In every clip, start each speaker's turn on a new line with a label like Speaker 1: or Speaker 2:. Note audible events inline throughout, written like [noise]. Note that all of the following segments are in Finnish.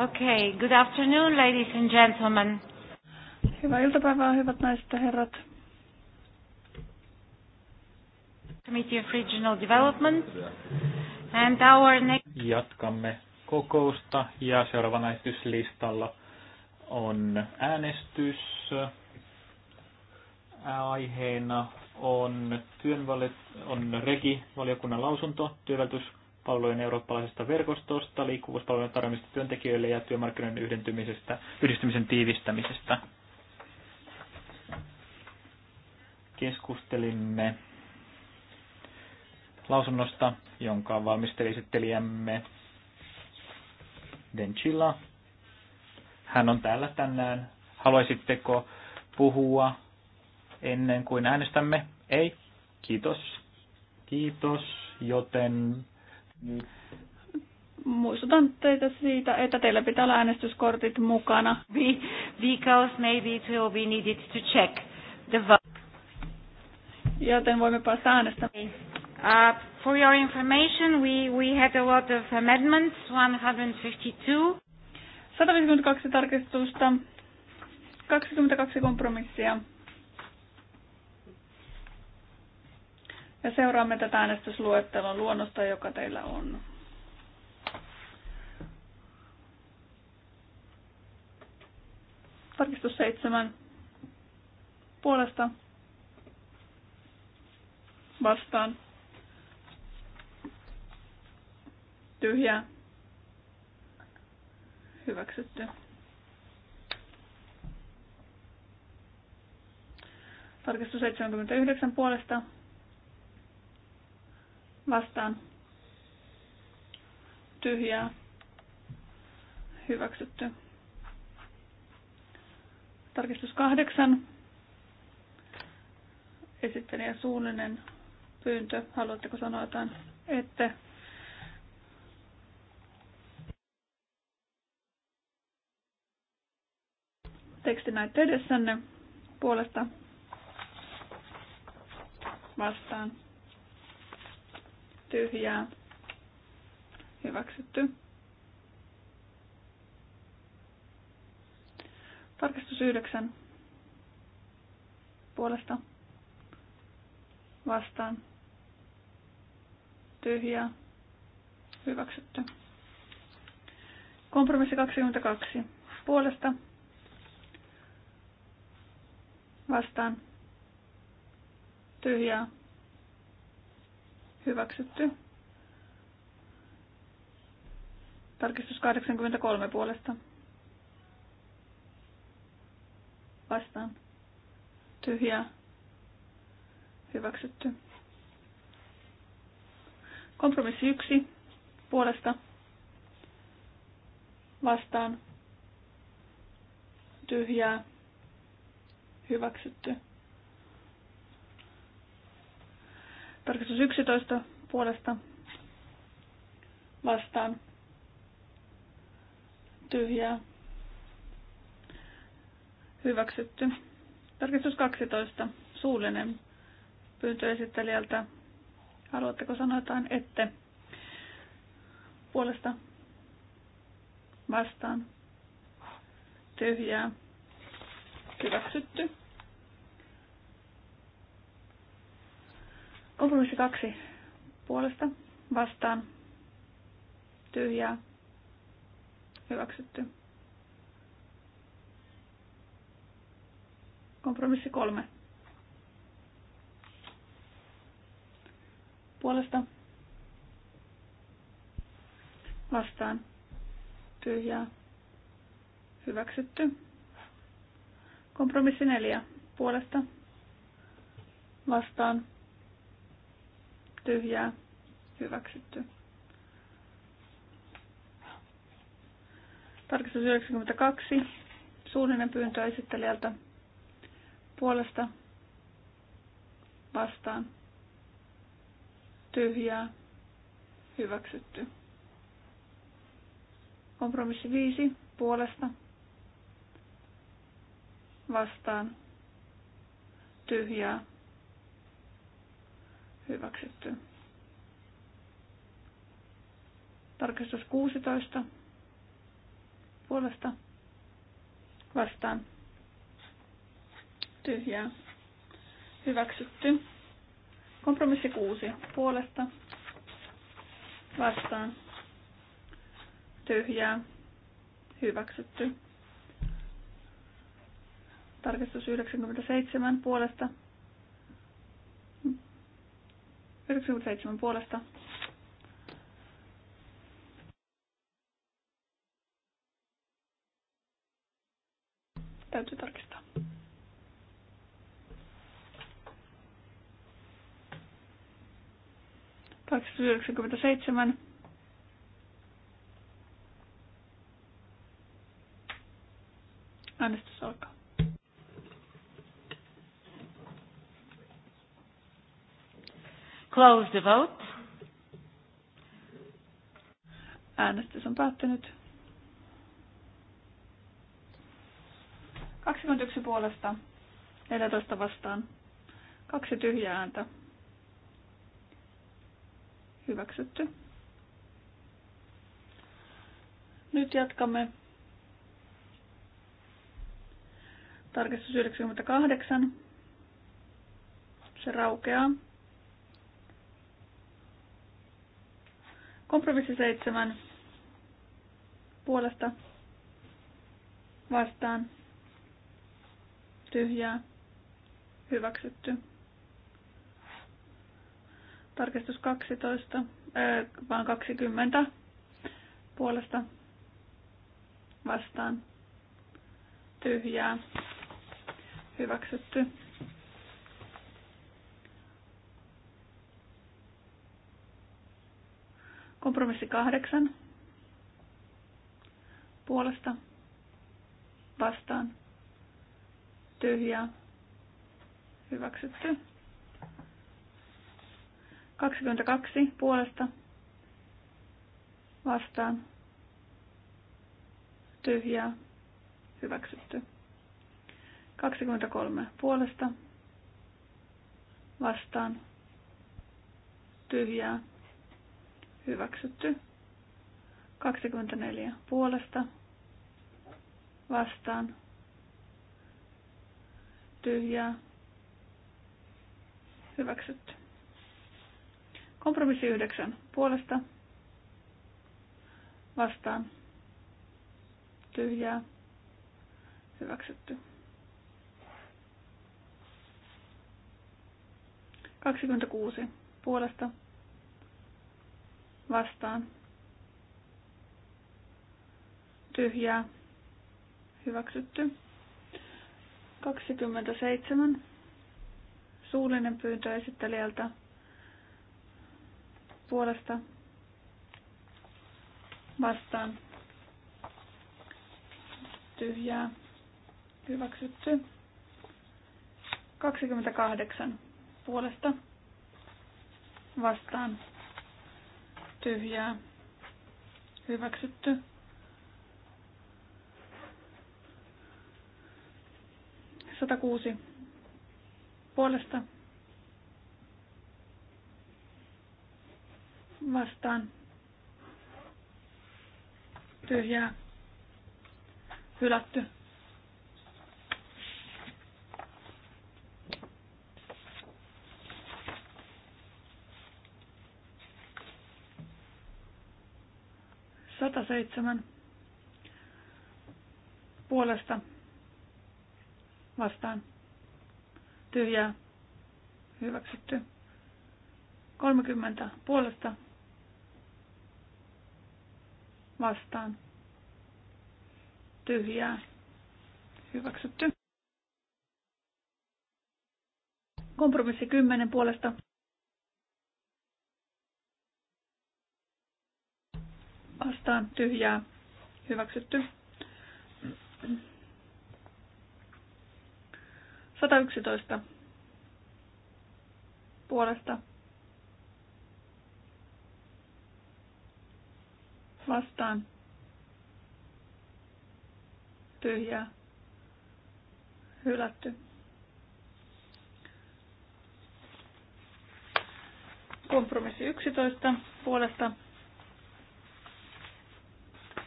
Speaker 1: Okay, good afternoon, ladies and gentlemen. Hyvää iltapäivää, hyvät naiset ja herrat. Committee of Regional Development. And our next...
Speaker 2: Jatkamme kokousta ja seuraavana esityslistalla on äänestys. Aiheena on, työnvali- on regi-valiokunnan lausunto työvälitys palvelujen eurooppalaisesta verkostosta, liikkuvuuspalvelujen tarjoamista työntekijöille ja työmarkkinoiden yhdentymisestä, yhdistymisen tiivistämisestä. Keskustelimme lausunnosta, jonka valmisteli esittelijämme Denchilla. Hän on täällä tänään. Haluaisitteko puhua ennen kuin äänestämme? Ei? Kiitos. Kiitos, joten
Speaker 3: Muistutan teitä siitä,
Speaker 1: että teillä pitää olla äänestyskortit mukana. Because maybe it will be needed to check the vote. Joten voimme päästä äänestämään. Uh, for your information, we, we had a lot of amendments, 152. 152 tarkistusta, 22 kompromissia.
Speaker 3: Ja seuraamme tätä äänestysluettelon luonnosta, joka teillä on. Tarkistus seitsemän puolesta vastaan Tyhjä. hyväksytty. Tarkistus 79 puolesta vastaan tyhjää hyväksytty. Tarkistus kahdeksan. Esittelijä suunninen pyyntö. Haluatteko sanoa jotain? Ette. Teksti näette edessänne puolesta vastaan tyhjää, hyväksytty. Tarkistus 9 puolesta vastaan tyhjää, hyväksytty. Kompromissi 22 puolesta vastaan tyhjää, Hyväksytty. Tarkistus 83 puolesta. Vastaan. tyhjä, Hyväksytty. Kompromissi 1 puolesta. Vastaan. Tyhjää. Hyväksytty. Tarkistus 11 puolesta vastaan. Tyhjää. Hyväksytty. Tarkistus 12. Suullinen pyyntö esittelijältä. Haluatteko sanoa jotain? Ette. Puolesta vastaan. Tyhjää. Hyväksytty. Kompromissi kaksi puolesta vastaan tyhjää hyväksytty. Kompromissi kolme puolesta vastaan tyhjää hyväksytty. Kompromissi neljä puolesta vastaan tyhjää, hyväksytty. Tarkistus 92, suullinen pyyntö esittelijältä puolesta vastaan, tyhjää, hyväksytty. Kompromissi 5, puolesta vastaan, tyhjää, Hyväksytty. Tarkistus 16. Puolesta. Vastaan. Tyhjää. Hyväksytty. Kompromissi 6. Puolesta. Vastaan. Tyhjää. Hyväksytty. Tarkistus 97 puolesta 97 puolesta. Täytyy tarkistaa. seitsemän.
Speaker 1: Äänestys alkaa. Close the vote.
Speaker 3: Äänestys on päättynyt. 21 puolesta, 14 vastaan, kaksi tyhjää ääntä. Hyväksytty. Nyt jatkamme. Tarkistus 98. Se raukeaa. Kompromissi seitsemän puolesta vastaan tyhjää hyväksytty. Tarkistus 12, äh, vaan 20 puolesta vastaan tyhjää hyväksytty. Kompromissi kahdeksan. Puolesta. Vastaan. Tyhjää. Hyväksytty. 22 puolesta. Vastaan. Tyhjää. Hyväksytty. 23 puolesta. Vastaan. Tyhjää Hyväksytty. 24 puolesta. Vastaan. Tyhjää. Hyväksytty. Kompromissi 9 puolesta. Vastaan. Tyhjää. Hyväksytty. 26 puolesta vastaan. Tyhjää. Hyväksytty. 27. Suullinen pyyntö esittelijältä puolesta vastaan. Tyhjää. Hyväksytty. 28 puolesta vastaan tyhjää, hyväksytty. kuusi puolesta vastaan tyhjää, hylätty. 107 puolesta vastaan tyhjää hyväksytty. 30 puolesta vastaan tyhjää hyväksytty. Kompromissi 10 puolesta vastaan tyhjää hyväksytty. 111 puolesta vastaan tyhjää hylätty. Kompromissi 11 puolesta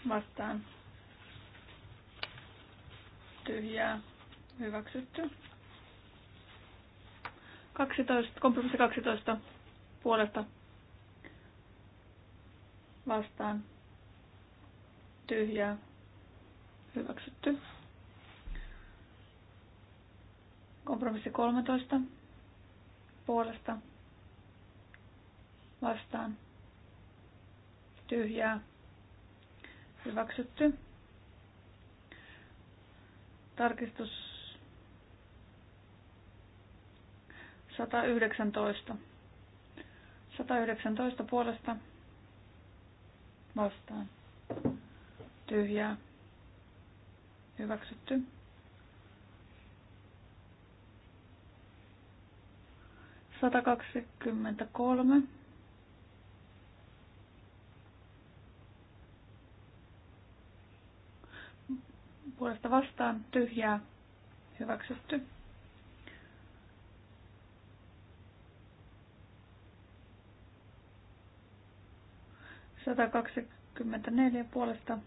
Speaker 3: vastaan tyhjää hyväksytty. 12, kompromissi 12 puolesta vastaan tyhjää hyväksytty. Kompromissi 13 puolesta vastaan tyhjää Hyväksytty. Tarkistus 119. 119 puolesta vastaan. Tyhjää. Hyväksytty. Sata kolme. puolesta vastaan tyhjää hyväksytty. Sata neljä puolesta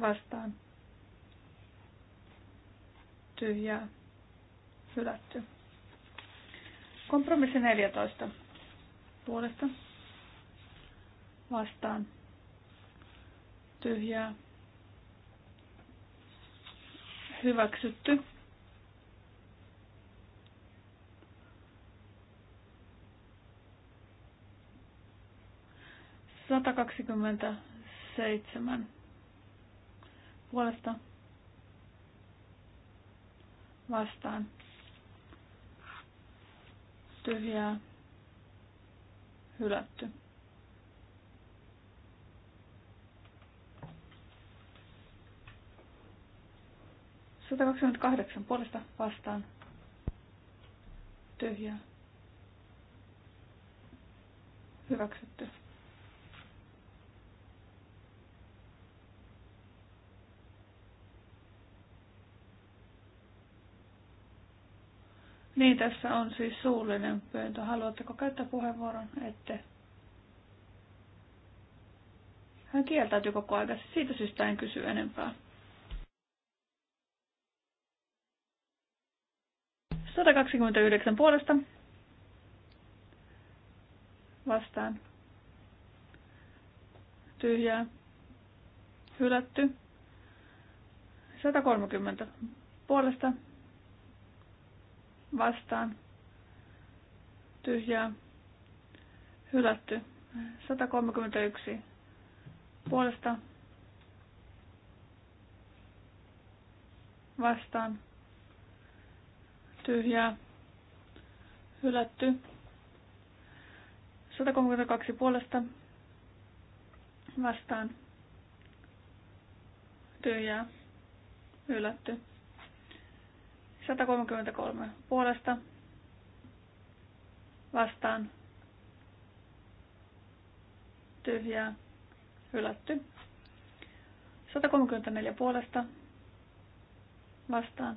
Speaker 3: vastaan tyhjää hylätty. Kompromissi 14 puolesta vastaan tyhjää Hyväksytty. kaksikymmentä seitsemän puolesta vastaan tyhjää hylätty. 128 puolesta vastaan. Tyhjää. Hyväksytty. Niin, tässä on siis suullinen pyyntö. Haluatteko käyttää puheenvuoron? Ette. Hän kieltäytyy koko ajan. Siitä syystä en kysy enempää. 129 puolesta vastaan. Tyhjää. Hylätty. 130 puolesta vastaan. Tyhjää. Hylätty. 131 puolesta vastaan tyhjää, hylätty. 132 puolesta vastaan, tyhjää, hylätty. 133 puolesta vastaan, tyhjää, hylätty. 134 puolesta vastaan,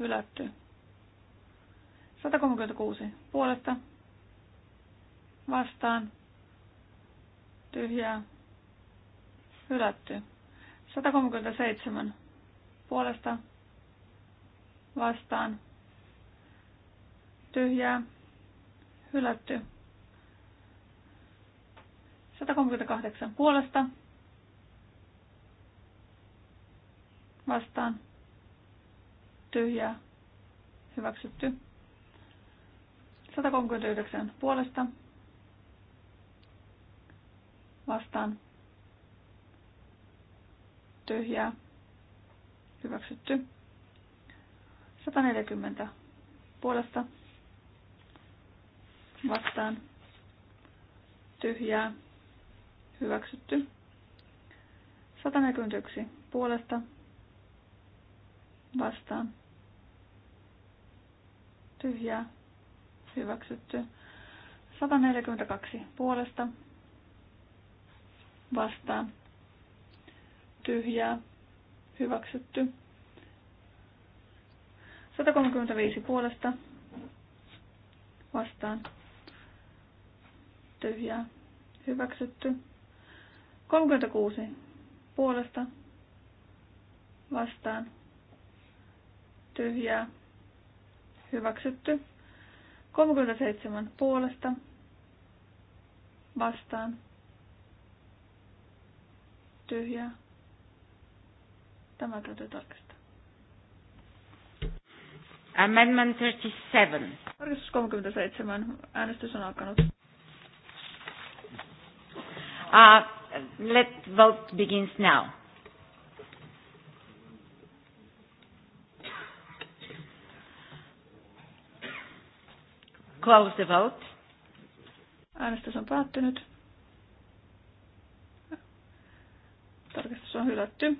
Speaker 3: Hylätty. 136 puolesta. Vastaan. Tyhjää. Hylätty. 137 puolesta. Vastaan. Tyhjää. Hylätty. 138 puolesta. Vastaan tyhjää, hyväksytty. 139 puolesta vastaan tyhjää, hyväksytty. 140 puolesta vastaan tyhjää, hyväksytty. 141 puolesta vastaan tyhjää, hyväksytty. 142 puolesta, vastaan, tyhjää, hyväksytty. 135 puolesta, vastaan, tyhjää, hyväksytty. 36 puolesta, vastaan, tyhjää, Hyväksytty. 37 puolesta. Vastaan. tyhjä Tämä täytyy tarkistaa.
Speaker 1: Amendment 37. Tarkistus 37. Äänestys on alkanut. Uh, let vote begins now. Close
Speaker 3: the vote. Äänestys on päättynyt. Tarkastus on hylätty.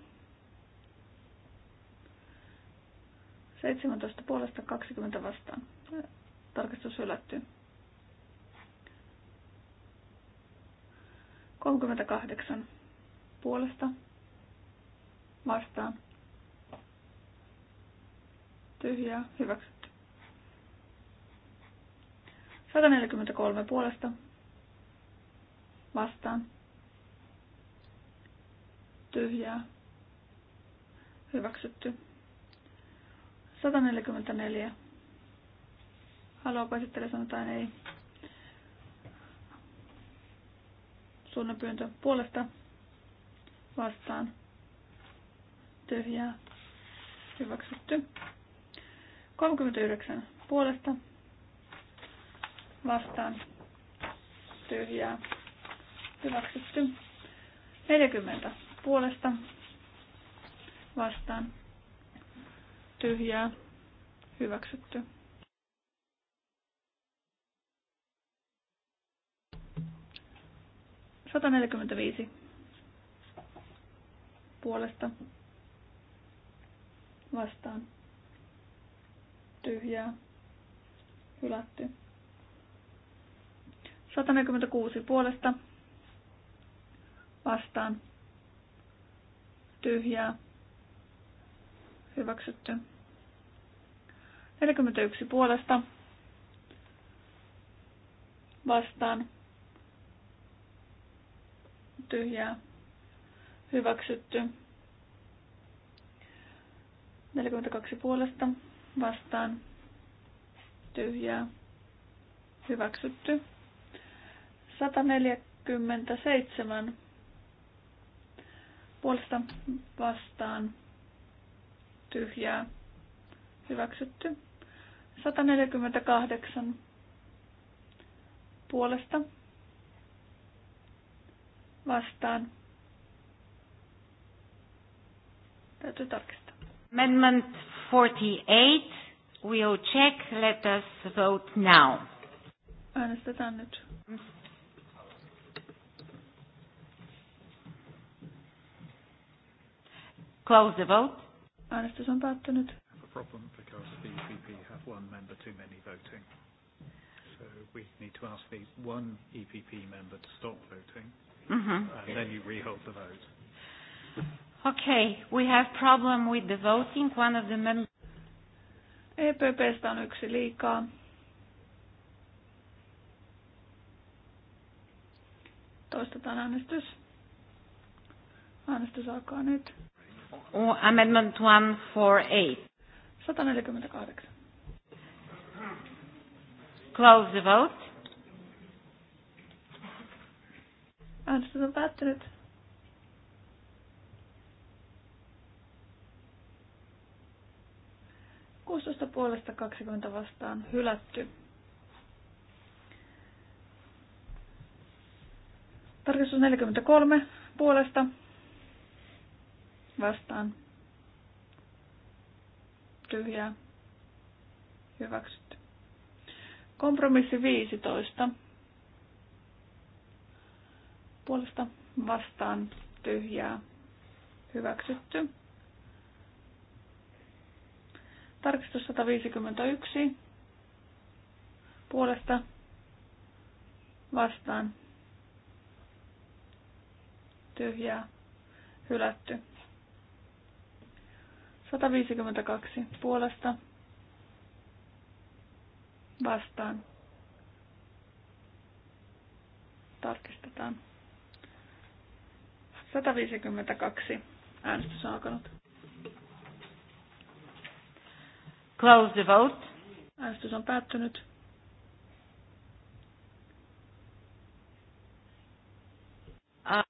Speaker 3: 17 puolesta 20 vastaan. Tarkastus hylätty. 38 puolesta vastaan. Tyhjää hyväksy. 143 puolesta vastaan. Tyhjää. Hyväksytty. 144. Haluaako esittele sanotaan ei. Suunnan pyyntö puolesta vastaan. Tyhjää. Hyväksytty. 39 puolesta vastaan tyhjää hyväksytty. 40 puolesta vastaan tyhjää hyväksytty. viisi puolesta vastaan tyhjää hylätty. 146 puolesta vastaan tyhjää hyväksytty. 41 puolesta vastaan tyhjää hyväksytty. 42 puolesta vastaan tyhjää hyväksytty. 147 puolesta vastaan tyhjää hyväksytty. 148 puolesta vastaan.
Speaker 1: Täytyy tarkistaa. Amendment 48. We'll check. Let us vote now. Äänestetään
Speaker 3: nyt. Close the vote. Äänestys on päättynyt.
Speaker 4: Have a problem because the EPP have one member too many voting. So we need to ask the one EPP member to stop voting. Mm-hmm. And then you rehold the vote.
Speaker 1: Okay, we have problem with the voting. One of the members. EPPstä on yksi liikaa.
Speaker 3: Toistetaan äänestys. Äänestys alkaa nyt.
Speaker 1: Amendment 148. 148. Close the
Speaker 3: vote. Äänestys on päättynyt. Kuustosta puolesta 20 vastaan hylätty. Tarkistus 43 puolesta vastaan tyhjää hyväksytty. Kompromissi 15 puolesta vastaan tyhjää hyväksytty. Tarkistus 151 puolesta vastaan tyhjää hylätty. 152 puolesta vastaan. Tarkistetaan. 152. Äänestys on alkanut.
Speaker 1: Close the vote. Äänestys on päättynyt. Ah.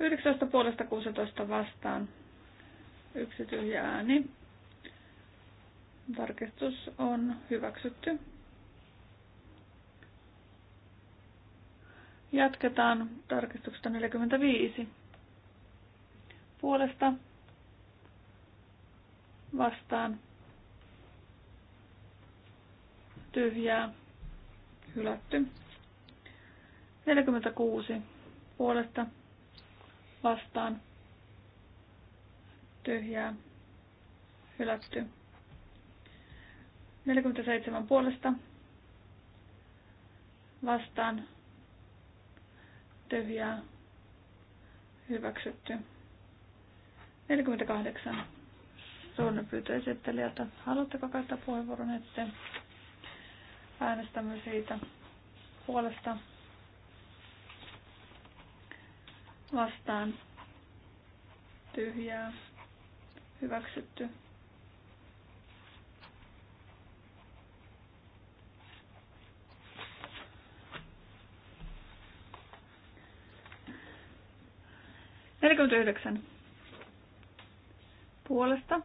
Speaker 3: 19 puolesta 16 vastaan. Yksi tyhjä ääni. Tarkistus on hyväksytty. Jatketaan tarkistuksesta 45. Puolesta vastaan tyhjää hylätty. 46 puolesta vastaan tyhjää hylätty. 47 puolesta vastaan tyhjää hyväksytty. 48. Suunnan pyytö esittelijältä. Haluatteko käyttää puheenvuoron, että äänestämme siitä puolesta vastaan tyhjää hyväksytty. Neljäkymmentäyhdeksän puolesta.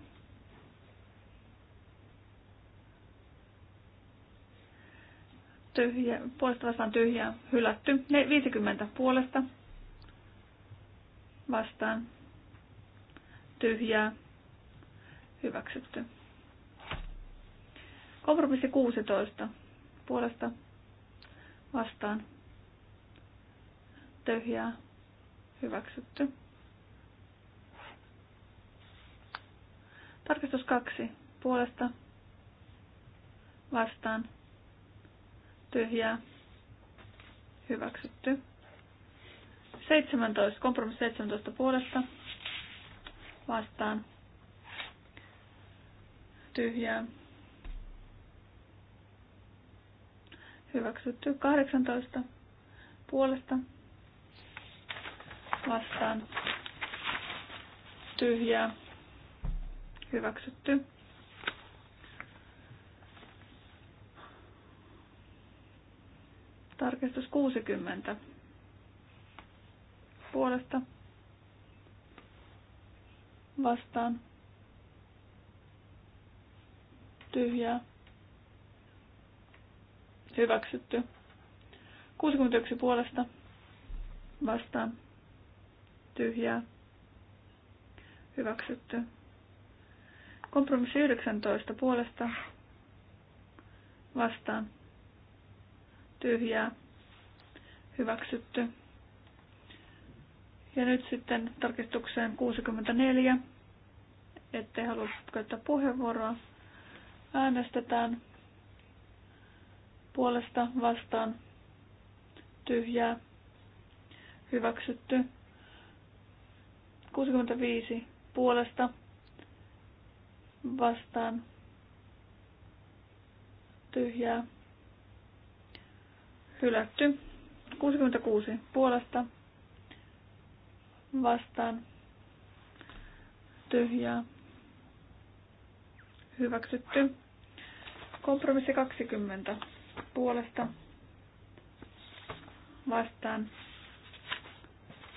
Speaker 3: Tyhjä, puolesta vastaan tyhjää, hylätty. 50 puolesta vastaan tyhjää hyväksytty. Kompromissi 16 puolesta vastaan tyhjää hyväksytty. Tarkistus 2 puolesta vastaan tyhjää hyväksytty. 17, kompromissi 17 puolesta vastaan tyhjää. Hyväksytty 18 puolesta vastaan tyhjää. Hyväksytty. Tarkistus 60 puolesta vastaan tyhjää hyväksytty. 61 puolesta vastaan tyhjää hyväksytty. Kompromissi 19 puolesta vastaan tyhjää hyväksytty. Ja nyt sitten tarkistukseen 64. Ette halua käyttää puheenvuoroa. Äänestetään puolesta vastaan tyhjää hyväksytty. 65 puolesta vastaan tyhjää hylätty. 66 puolesta vastaan tyhjää hyväksytty. Kompromissi 20 puolesta vastaan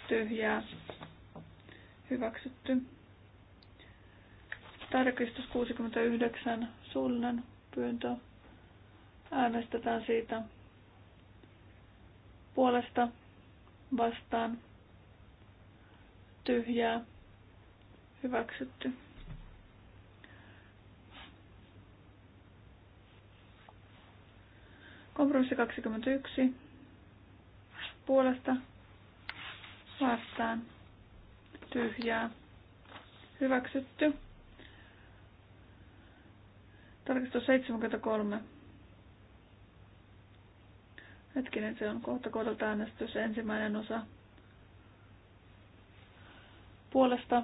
Speaker 3: tyhjää hyväksytty. Tarkistus 69 suullinen pyyntö. Äänestetään siitä puolesta vastaan tyhjää, hyväksytty. Kompromissi 21 puolesta vastaan tyhjää hyväksytty. Tarkistus 73. Hetkinen, se on kohta kohdalta äänestys ensimmäinen osa puolesta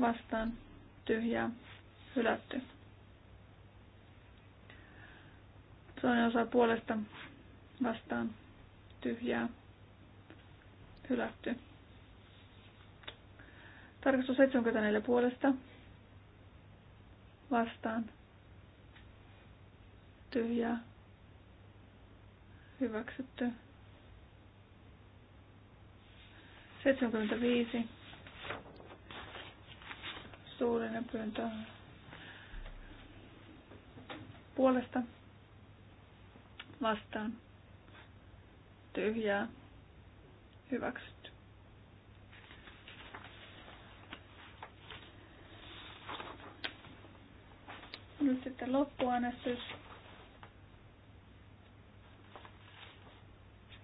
Speaker 3: vastaan tyhjää hylätty. Toinen osa puolesta vastaan tyhjää hylätty. Tarkastus 74 puolesta vastaan tyhjää hyväksytty. 75. Suullinen pyyntö puolesta vastaan tyhjää hyväksytty. Nyt sitten loppuäänestys.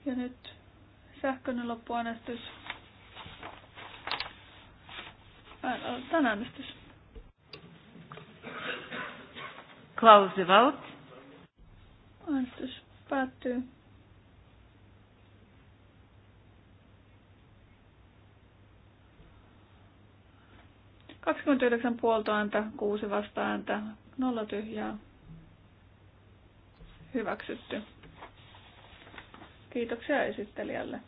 Speaker 3: Ja nyt sähköinen loppuäänestys. Aloitetaan äänestys. Close the vote. Äänestys päättyy. Kaksikymmentäyhdeksän puolta ääntä, kuusi vasta ääntä, nolla tyhjää. Hyväksytty. Kiitoksia esittelijälle.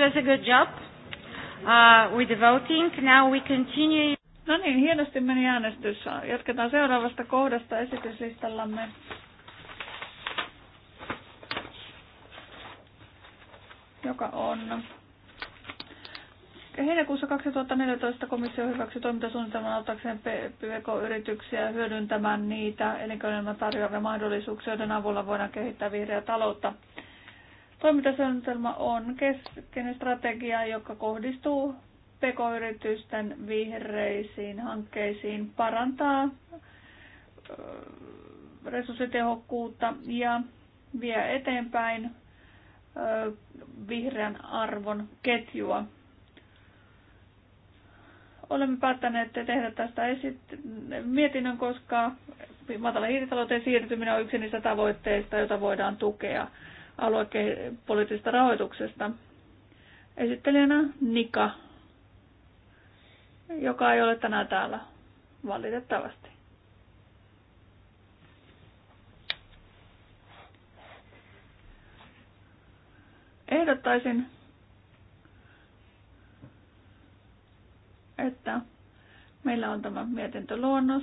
Speaker 1: does a good job uh, with the voting. Now we continue. No niin, hienosti meni äänestys. Jatketaan seuraavasta kohdasta
Speaker 3: esityslistallamme. Joka on heinäkuussa 2014 komissio hyväksy toimintasuunnitelman auttaakseen PK-yrityksiä hyödyntämään niitä elinkeinoelämän tarjoavia mahdollisuuksia, joiden avulla voidaan kehittää vihreää taloutta. Toimintasuunnitelma on keskeinen strategia, joka kohdistuu pk-yritysten vihreisiin hankkeisiin, parantaa resurssitehokkuutta ja vie eteenpäin vihreän arvon ketjua. Olemme päättäneet tehdä tästä esit- mietinnön, koska matala hiilitalouteen siirtyminen on yksi niistä tavoitteista, joita voidaan tukea aluepoliittisesta rahoituksesta. Esittelijänä Nika, joka ei ole tänään täällä valitettavasti. Ehdottaisin, että meillä on tämä mietintöluonnos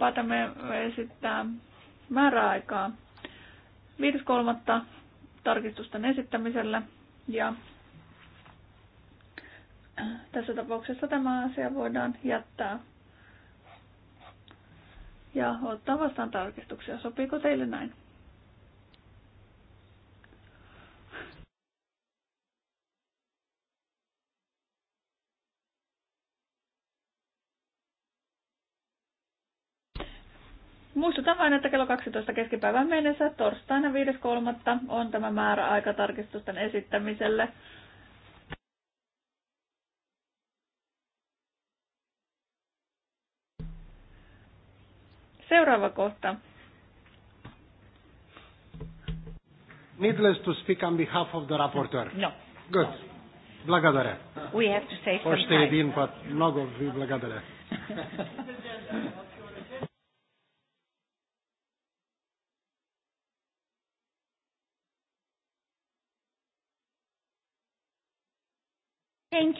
Speaker 3: päätämme esittää määräaikaa 5.3. tarkistusten esittämiselle ja tässä tapauksessa tämä asia voidaan jättää ja ottaa vastaan tarkistuksia. Sopiiko teille näin? Muistutan vain, että kello 12 keskipäivän mennessä torstaina 5.3. on tämä määräaika tarkistusten esittämiselle. Seuraava kohta.
Speaker 4: Needless to speak on behalf of the rapporteur. No. Good. Благодаря. We have to say Още един but Много ви благодаря.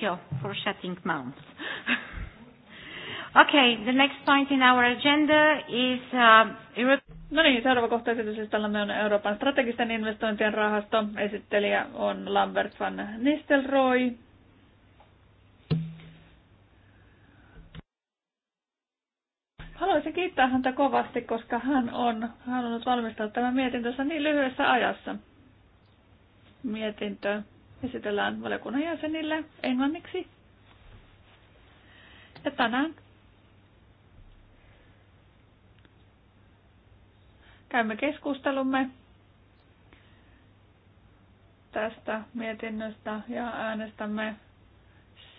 Speaker 1: you for shutting mouth. [laughs] okay, the next point in our agenda is... Uh, No niin, seuraava kohta esityslistallamme on Euroopan
Speaker 3: strategisten investointien rahasto. Esittelijä on Lambert van Nistelrooy. Haluaisin kiittää häntä kovasti, koska hän on halunnut valmistaa tämän mietintönsä niin lyhyessä ajassa. Mietintö esitellään valiokunnan jäsenille englanniksi. Ja tänään käymme keskustelumme tästä mietinnöstä ja äänestämme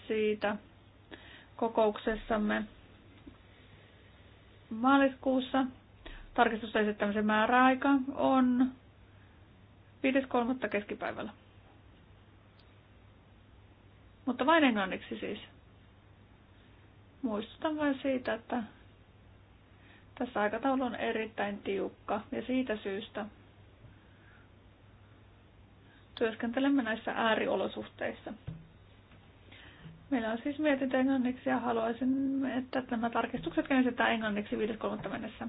Speaker 3: siitä kokouksessamme maaliskuussa. Tarkistusten esittämisen määräaika on 5.3. keskipäivällä. Mutta vain englanniksi siis. Muistutan vain siitä, että tässä aikataulu on erittäin tiukka ja siitä syystä työskentelemme näissä ääriolosuhteissa. Meillä on siis mietintö englanniksi ja haluaisin, että nämä tarkistukset käynnistetään englanniksi 5.3. mennessä.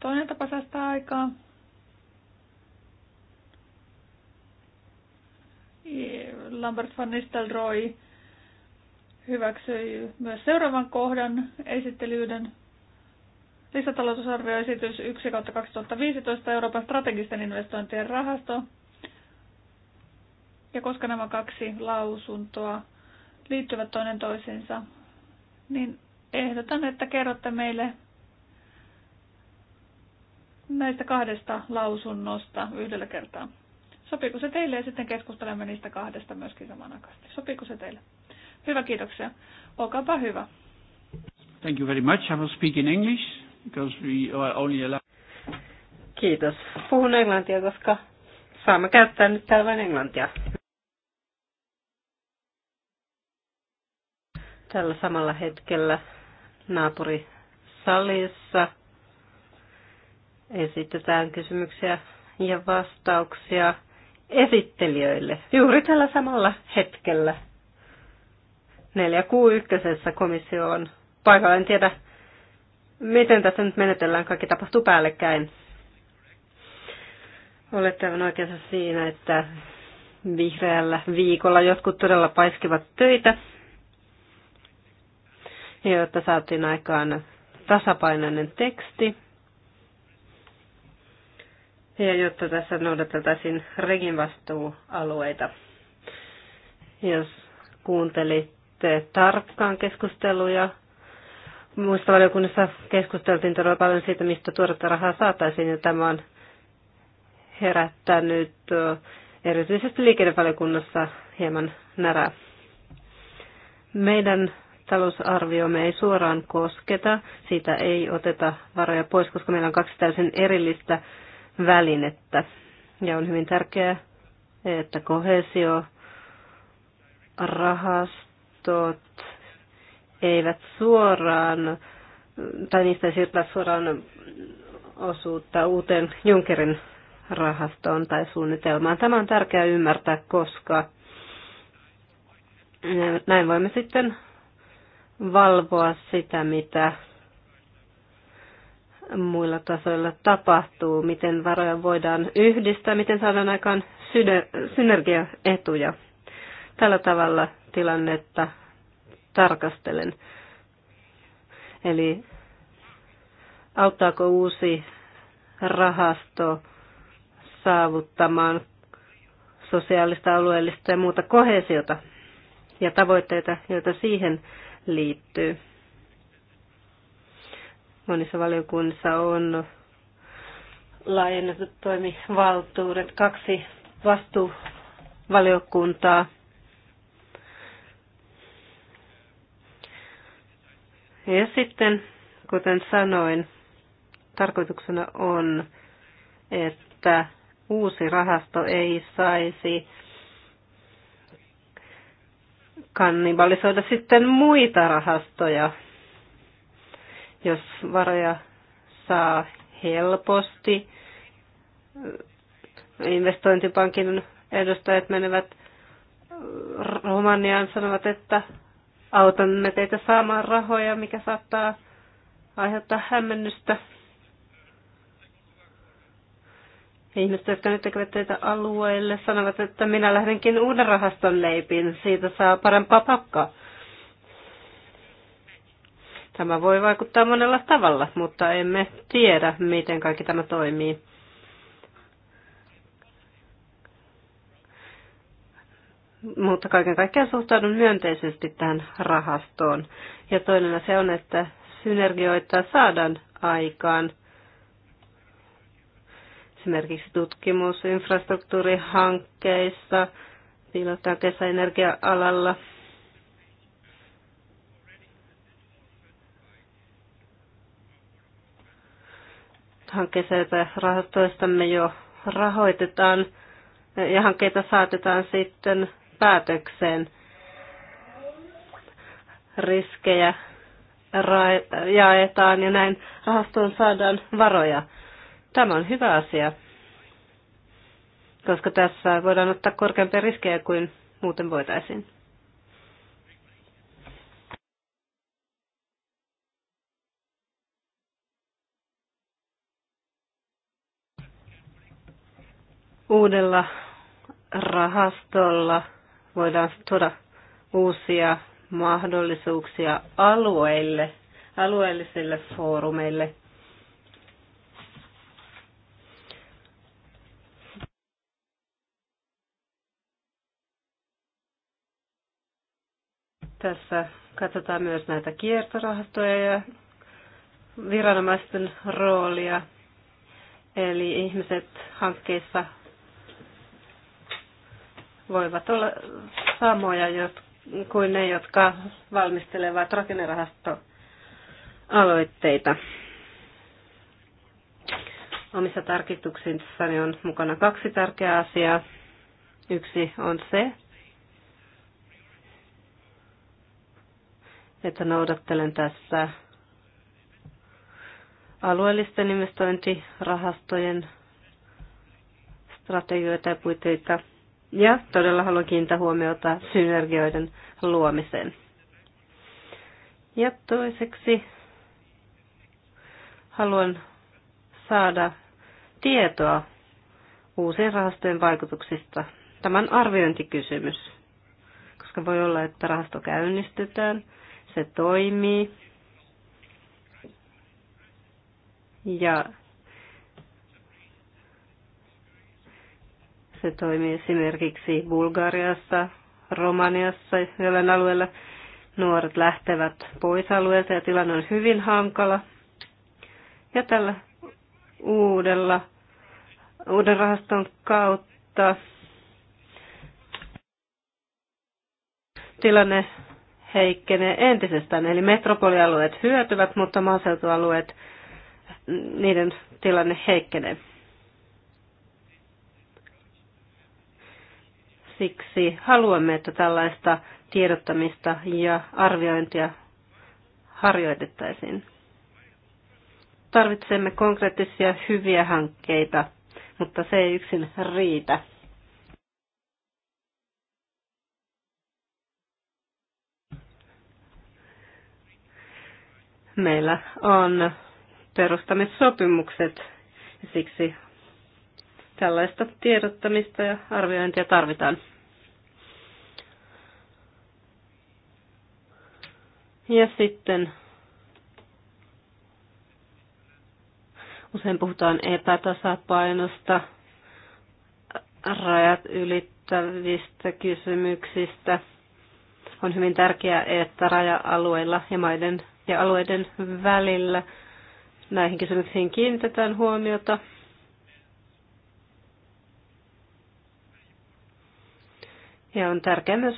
Speaker 3: Toinen tapa säästää aikaa Lambert van Nistelrooy hyväksyi myös seuraavan kohdan esittelyyden lisätalousarvioesitys 1 2015 Euroopan strategisten investointien rahasto. Ja koska nämä kaksi lausuntoa liittyvät toinen toisiinsa, niin ehdotan, että kerrotte meille näistä kahdesta lausunnosta yhdellä kertaa. Sopiiko se teille ja sitten keskustelemme niistä kahdesta myöskin samanaikaisesti. Sopiiko se teille? Hyvä, kiitoksia. Olkaapa hyvä.
Speaker 4: Thank you very much. I will speak in
Speaker 5: English because we are only allowed... Kiitos. Puhun englantia, koska saamme käyttää nyt täällä vain englantia. Tällä samalla hetkellä naapuri salissa esitetään kysymyksiä ja vastauksia esittelijöille juuri tällä samalla hetkellä. 4Q1 komissio on paikalla. En tiedä, miten tässä nyt menetellään. Kaikki tapahtuu päällekkäin. Olette aivan oikeassa siinä, että vihreällä viikolla jotkut todella paiskivat töitä, jotta saatiin aikaan tasapainoinen teksti ja jotta tässä noudatettaisiin regin vastuualueita. Jos kuuntelitte tarkkaan keskusteluja, muista valiokunnassa keskusteltiin todella paljon siitä, mistä tuoretta rahaa saataisiin, ja tämä on herättänyt erityisesti liikennevaliokunnassa hieman närää. Meidän talousarviomme ei suoraan kosketa, siitä ei oteta varoja pois, koska meillä on kaksi täysin erillistä välinettä. Ja on hyvin tärkeää, että kohesio, rahastot eivät suoraan, tai niistä ei siirtää suoraan osuutta uuteen Junckerin rahastoon tai suunnitelmaan. Tämä on tärkeää ymmärtää, koska näin voimme sitten valvoa sitä, mitä muilla tasoilla tapahtuu, miten varoja voidaan yhdistää, miten saadaan aikaan synergiaetuja. Tällä tavalla tilannetta tarkastelen. Eli auttaako uusi rahasto saavuttamaan sosiaalista, alueellista ja muuta kohesiota ja tavoitteita, joita siihen liittyy monissa valiokunnissa on laajennetut toimivaltuudet. Kaksi vastuuvaliokuntaa. Ja sitten, kuten sanoin, tarkoituksena on, että uusi rahasto ei saisi kannibalisoida sitten muita rahastoja, jos varoja saa helposti, investointipankin edustajat menevät Romaniaan sanovat, että autamme teitä saamaan rahoja, mikä saattaa aiheuttaa hämmennystä. Ihmiset, jotka nyt tekevät teitä alueelle, sanovat, että minä lähdenkin uuden rahaston leipiin, siitä saa parempaa pakkaa. Tämä voi vaikuttaa monella tavalla, mutta emme tiedä, miten kaikki tämä toimii. Mutta kaiken kaikkiaan suhtaudun myönteisesti tähän rahastoon. Ja toinen asia on, että synergioita saadaan aikaan. Esimerkiksi tutkimusinfrastruktuurihankkeissa, infrastruktuurihankkeissa, pilottakeissa – hankkeeseen, joita rahoituistamme jo rahoitetaan ja hankkeita saatetaan sitten päätökseen. Riskejä jaetaan ja näin rahastoon saadaan varoja. Tämä on hyvä asia, koska tässä voidaan ottaa korkeampia riskejä kuin muuten voitaisiin. Uudella rahastolla voidaan tuoda uusia mahdollisuuksia alueille, alueellisille foorumeille. Tässä katsotaan myös näitä kiertorahastoja ja viranomaisten roolia. Eli ihmiset hankkeissa voivat olla samoja kuin ne, jotka valmistelevat rakennerahastoaloitteita. Omissa tarkistuksissani on mukana kaksi tärkeää asiaa. Yksi on se, että noudattelen tässä alueellisten investointirahastojen strategioita ja puitteita – ja todella haluan kiinnittää huomiota synergioiden luomiseen. Ja toiseksi haluan saada tietoa uusien rahastojen vaikutuksista. Tämä on arviointikysymys, koska voi olla, että rahasto käynnistetään, se toimii ja Se toimii esimerkiksi Bulgariassa, Romaniassa, jollain alueella nuoret lähtevät pois alueelta ja tilanne on hyvin hankala. Ja tällä uudella, uuden rahaston kautta tilanne heikkenee entisestään. Eli metropolialueet hyötyvät, mutta maaseutualueet, niiden tilanne heikkenee. Siksi haluamme, että tällaista tiedottamista ja arviointia harjoitettaisiin. Tarvitsemme konkreettisia hyviä hankkeita, mutta se ei yksin riitä. Meillä on perustamissopimukset, siksi Tällaista tiedottamista ja arviointia tarvitaan. Ja sitten usein puhutaan epätasapainosta, rajat ylittävistä kysymyksistä. On hyvin tärkeää, että raja-alueilla ja maiden ja alueiden välillä näihin kysymyksiin kiinnitetään huomiota. Ja on tärkeää myös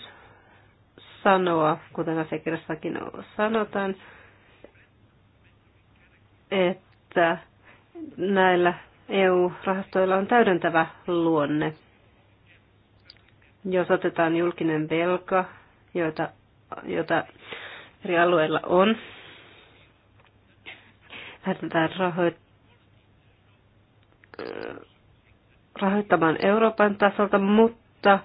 Speaker 5: sanoa, kuten asiakirjassakin sanotaan, että näillä EU-rahastoilla on täydentävä luonne. Jos otetaan julkinen velka, jota, jota eri alueilla on, lähdetään rahoittamaan Euroopan tasolta, mutta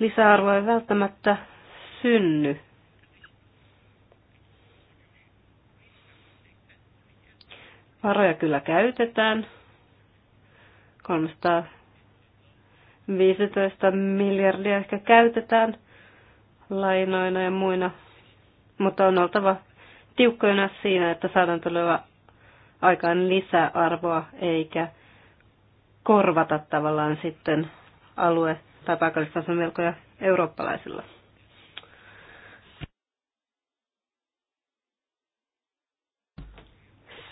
Speaker 5: lisäarvoa ei välttämättä synny. Varoja kyllä käytetään. 315 miljardia ehkä käytetään lainoina ja muina, mutta on oltava tiukkoina siinä, että saadaan tuleva aikaan lisäarvoa eikä korvata tavallaan sitten alue tai paikallistason velkoja eurooppalaisilla.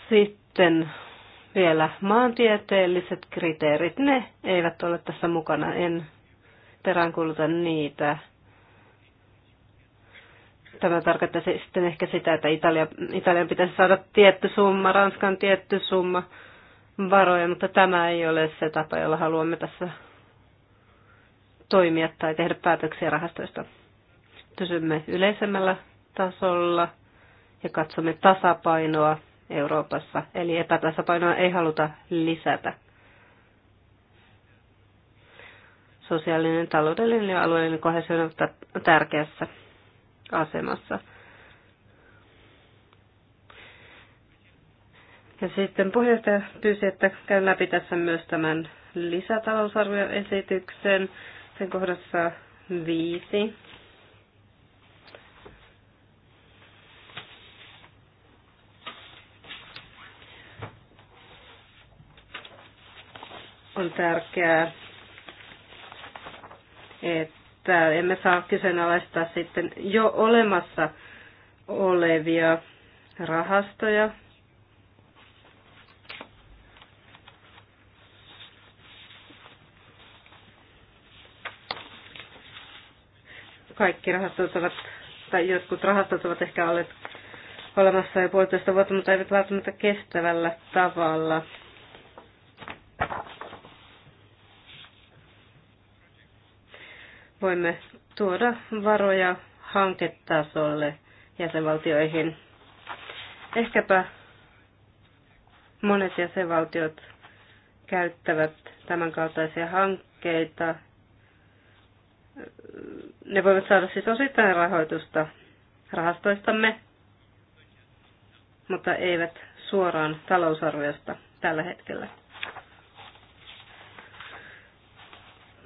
Speaker 5: Sitten vielä maantieteelliset kriteerit, ne eivät ole tässä mukana, en peräänkuuluta niitä. Tämä tarkoittaisi sitten ehkä sitä, että Italia, Italian pitäisi saada tietty summa, Ranskan tietty summa varoja, mutta tämä ei ole se tapa, jolla haluamme tässä toimia tai tehdä päätöksiä rahastoista. Pysymme yleisemmällä tasolla ja katsomme tasapainoa Euroopassa, eli epätasapainoa ei haluta lisätä. Sosiaalinen, taloudellinen ja alueellinen kohesio on tärkeässä asemassa. Ja sitten puheenjohtaja pyysi, että käyn läpi tässä myös tämän lisätalousarvioesityksen sen kohdassa viisi. On tärkeää, että emme saa kyseenalaistaa sitten jo olemassa olevia rahastoja, kaikki rahastot ovat, tai jotkut rahastot ovat ehkä olleet olemassa jo puolitoista vuotta, mutta eivät välttämättä kestävällä tavalla. Voimme tuoda varoja hanketasolle jäsenvaltioihin. Ehkäpä monet jäsenvaltiot käyttävät tämänkaltaisia hankkeita ne voivat saada siis osittain rahoitusta rahastoistamme, mutta eivät suoraan talousarviosta tällä hetkellä.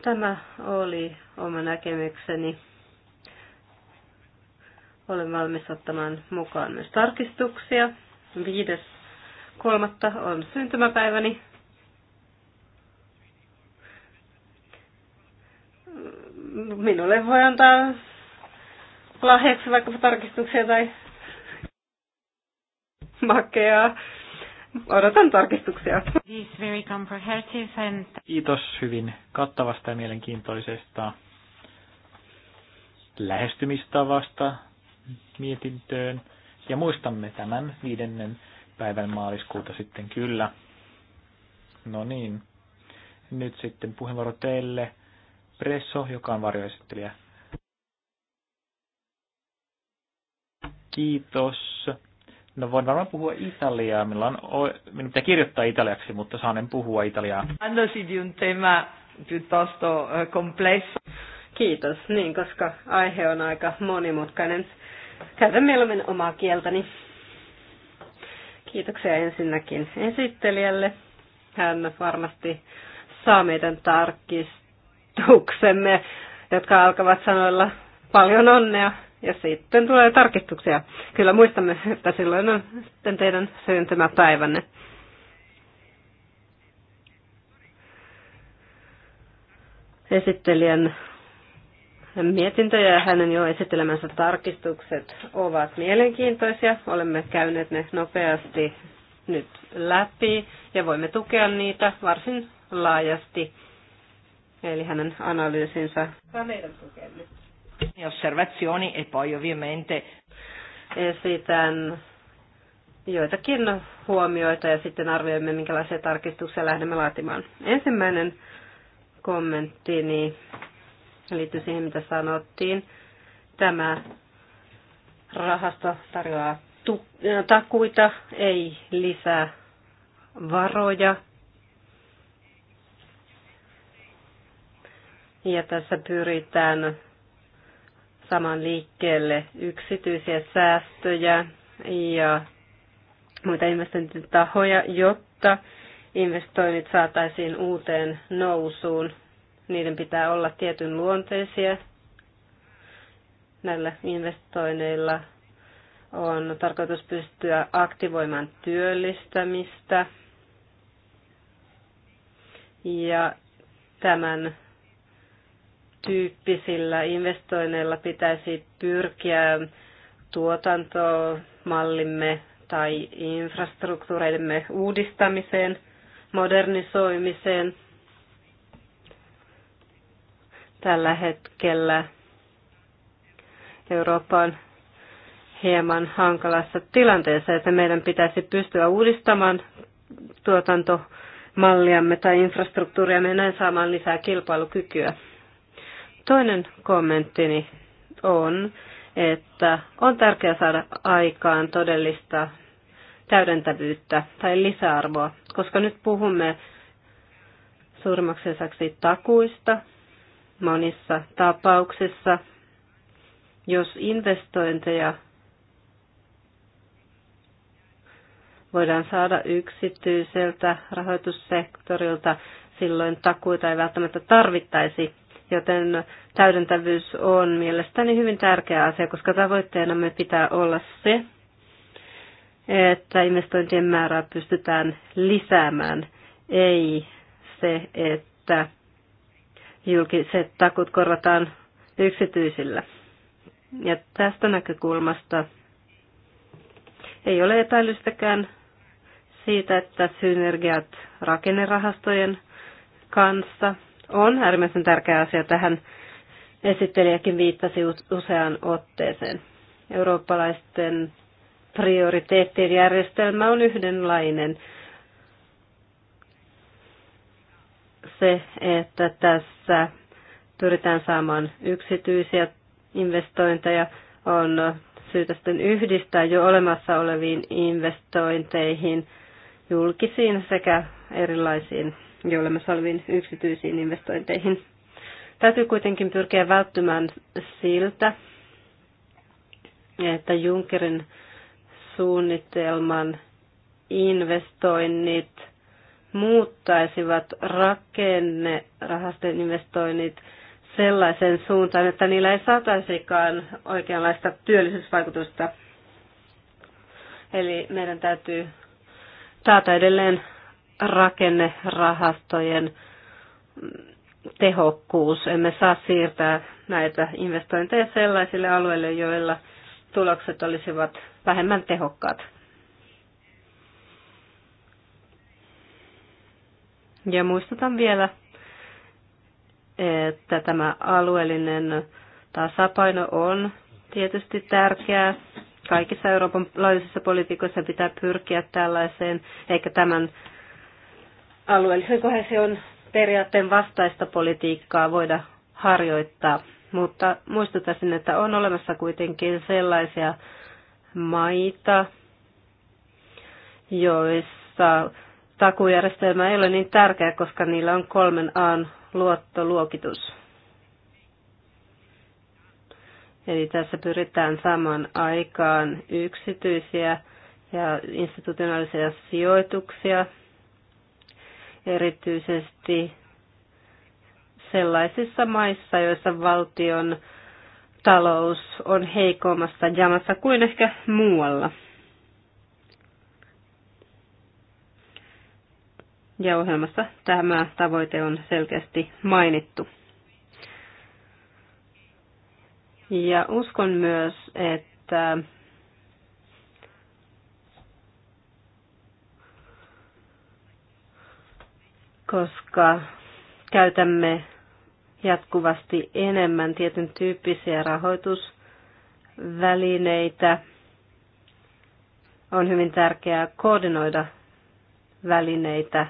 Speaker 5: Tämä oli oma näkemykseni. Olen valmis ottamaan mukaan myös tarkistuksia. Viides kolmatta on syntymäpäiväni. minulle voi antaa lahjaksi vaikka tarkistuksia tai makeaa.
Speaker 2: Odotan tarkistuksia.
Speaker 1: Very and...
Speaker 2: Kiitos hyvin kattavasta ja mielenkiintoisesta lähestymistavasta mietintöön. Ja muistamme tämän viidennen päivän maaliskuuta sitten kyllä. No niin, nyt sitten puheenvuoro teille Espresso, joka on varjoesittelijä. Kiitos. No voin varmaan puhua italiaa. Minulla on, minun pitää kirjoittaa italiaksi, mutta saan en puhua italiaa.
Speaker 5: Andosi di un tema piuttosto eh, complesso. Kiitos, niin koska aihe on aika monimutkainen. Käytän mieluummin omaa kieltäni. Kiitoksia ensinnäkin esittelijälle. Hän varmasti saa meidän tarkistaa tarkistuksemme, jotka alkavat sanoilla paljon onnea ja sitten tulee tarkistuksia. Kyllä muistamme, että silloin on sitten teidän syntymäpäivänne. Esittelijän mietintö ja hänen jo esittelemänsä tarkistukset ovat mielenkiintoisia. Olemme käyneet ne nopeasti nyt läpi ja voimme tukea niitä varsin laajasti eli hänen analyysinsä. observazioni e poi ovviamente esitän joitakin huomioita ja sitten arvioimme, minkälaisia tarkistuksia lähdemme laatimaan. Ensimmäinen kommentti niin liittyy siihen, mitä sanottiin. Tämä rahasto tarjoaa takuita, ei lisää varoja Ja tässä pyritään saman liikkeelle yksityisiä säästöjä ja muita investointitahoja, jotta investoinnit saataisiin uuteen nousuun. Niiden pitää olla tietyn luonteisia. Näillä investoinneilla on tarkoitus pystyä aktivoimaan työllistämistä. Ja tämän tyyppisillä investoinneilla pitäisi pyrkiä tuotantomallimme tai infrastruktuureidemme uudistamiseen, modernisoimiseen. Tällä hetkellä Eurooppa on hieman hankalassa tilanteessa, että meidän pitäisi pystyä uudistamaan tuotantomalliamme tai infrastruktuuria, ja näin saamaan lisää kilpailukykyä. Toinen kommenttini on, että on tärkeää saada aikaan todellista täydentävyyttä tai lisäarvoa, koska nyt puhumme suurimmaksi osaksi takuista monissa tapauksissa. Jos investointeja voidaan saada yksityiseltä rahoitussektorilta, silloin takuita ei välttämättä tarvittaisi joten täydentävyys on mielestäni hyvin tärkeä asia, koska tavoitteena me pitää olla se, että investointien määrää pystytään lisäämään, ei se, että julkiset takut korvataan yksityisillä. Ja tästä näkökulmasta ei ole epäilystäkään siitä, että synergiat rakennerahastojen kanssa on äärimmäisen tärkeä asia. Tähän esittelijäkin viittasi useaan otteeseen. Eurooppalaisten prioriteettien järjestelmä on yhdenlainen. Se, että tässä pyritään saamaan yksityisiä investointeja, on syytä sitten yhdistää jo olemassa oleviin investointeihin, julkisiin sekä erilaisiin joilla me salviin yksityisiin investointeihin. Täytyy kuitenkin pyrkiä välttymään siltä, että Junckerin suunnitelman investoinnit muuttaisivat rakennerahastojen investoinnit sellaisen suuntaan, että niillä ei saataisikaan oikeanlaista työllisyysvaikutusta. Eli meidän täytyy taata edelleen rakennerahastojen tehokkuus. Emme saa siirtää näitä investointeja sellaisille alueille, joilla tulokset olisivat vähemmän tehokkaat. Ja muistutan vielä, että tämä alueellinen tasapaino on tietysti tärkeää. Kaikissa Euroopan laajuisissa politiikoissa pitää pyrkiä tällaiseen, eikä tämän alueellisen kohesion periaatteen vastaista politiikkaa voida harjoittaa, mutta muistutaisin, että on olemassa kuitenkin sellaisia maita, joissa takujärjestelmä ei ole niin tärkeä, koska niillä on kolmen an luottoluokitus. Eli tässä pyritään saman aikaan yksityisiä ja institutionaalisia sijoituksia erityisesti sellaisissa maissa, joissa valtion talous on heikommassa jamassa kuin ehkä muualla. Ja ohjelmassa tämä tavoite on selkeästi mainittu. Ja uskon myös, että koska käytämme jatkuvasti enemmän tietyn tyyppisiä rahoitusvälineitä. On hyvin tärkeää koordinoida välineitä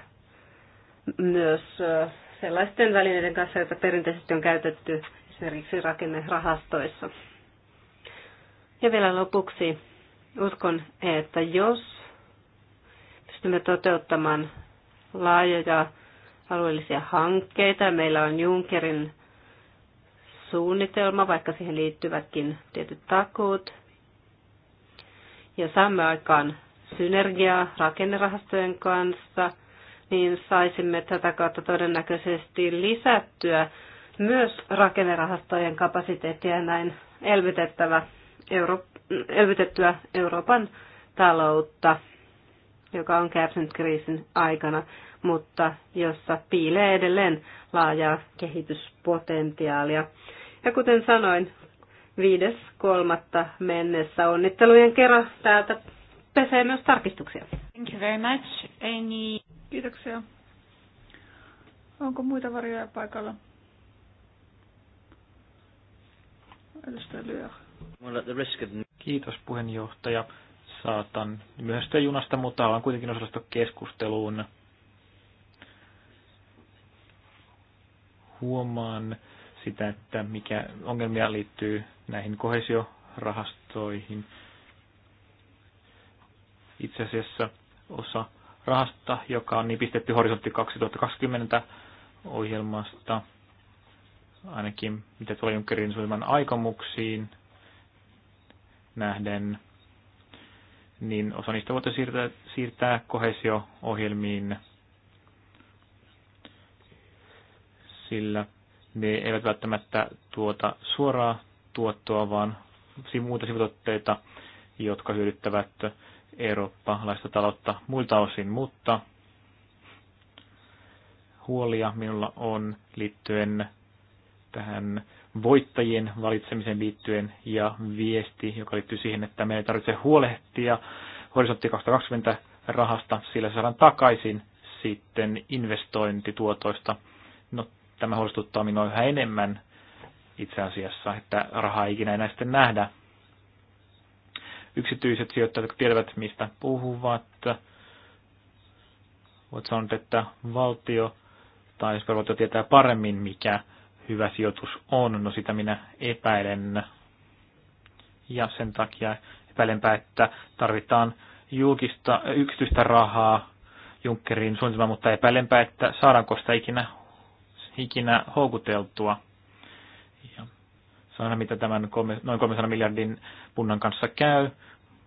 Speaker 5: myös sellaisten välineiden kanssa, joita perinteisesti on käytetty esimerkiksi rakennerahastoissa. Ja vielä lopuksi uskon, että jos pystymme toteuttamaan laajoja alueellisia hankkeita. Meillä on Junkerin suunnitelma, vaikka siihen liittyvätkin tietyt takuut. Ja saamme aikaan synergiaa rakennerahastojen kanssa, niin saisimme tätä kautta todennäköisesti lisättyä myös rakennerahastojen kapasiteettia näin elvytettävä Euro- elvytettyä Euroopan taloutta, joka on kärsinyt kriisin aikana mutta jossa piilee edelleen laajaa kehityspotentiaalia. Ja kuten sanoin, 5.3. mennessä onnittelujen kerran täältä pesee myös tarkistuksia.
Speaker 1: Thank you very
Speaker 3: much. Any... Kiitoksia. Onko muita varjoja paikalla?
Speaker 2: Kiitos puheenjohtaja. Saatan myöhäistä junasta, mutta haluan kuitenkin osallistua keskusteluun. huomaan sitä, että mikä ongelmia liittyy näihin kohesiorahastoihin. Itse asiassa osa rahasta, joka on nipistetty niin horisontti 2020 ohjelmasta, ainakin mitä tulee Junckerin suunnitelman aikomuksiin nähden, niin osa niistä voitte siirtää, siirtää kohesio-ohjelmiin sillä ne eivät välttämättä tuota suoraa tuottoa, vaan muita sivutotteita, jotka hyödyttävät eurooppalaista taloutta muilta osin, mutta huolia minulla on liittyen tähän voittajien valitsemiseen liittyen ja viesti, joka liittyy siihen, että meidän tarvitsee huolehtia horisontti 2020 rahasta, sillä saadaan takaisin sitten investointituotoista. No Tämä huolestuttaa minua yhä enemmän itse asiassa, että rahaa ei ikinä enää sitten nähdä. Yksityiset sijoittajat, jotka tietävät mistä puhuvat, voit sanoa, että valtio tai jos valtio tietää paremmin, mikä hyvä sijoitus on, no sitä minä epäilen. Ja sen takia epäilenpä, että tarvitaan julkista, yksityistä rahaa Junckerin suunnitelmaan, mutta epäilenpä, että saadaanko sitä ikinä ikinä houkuteltua. Ja se on mitä tämän kolme, noin 300 miljardin punnan kanssa käy,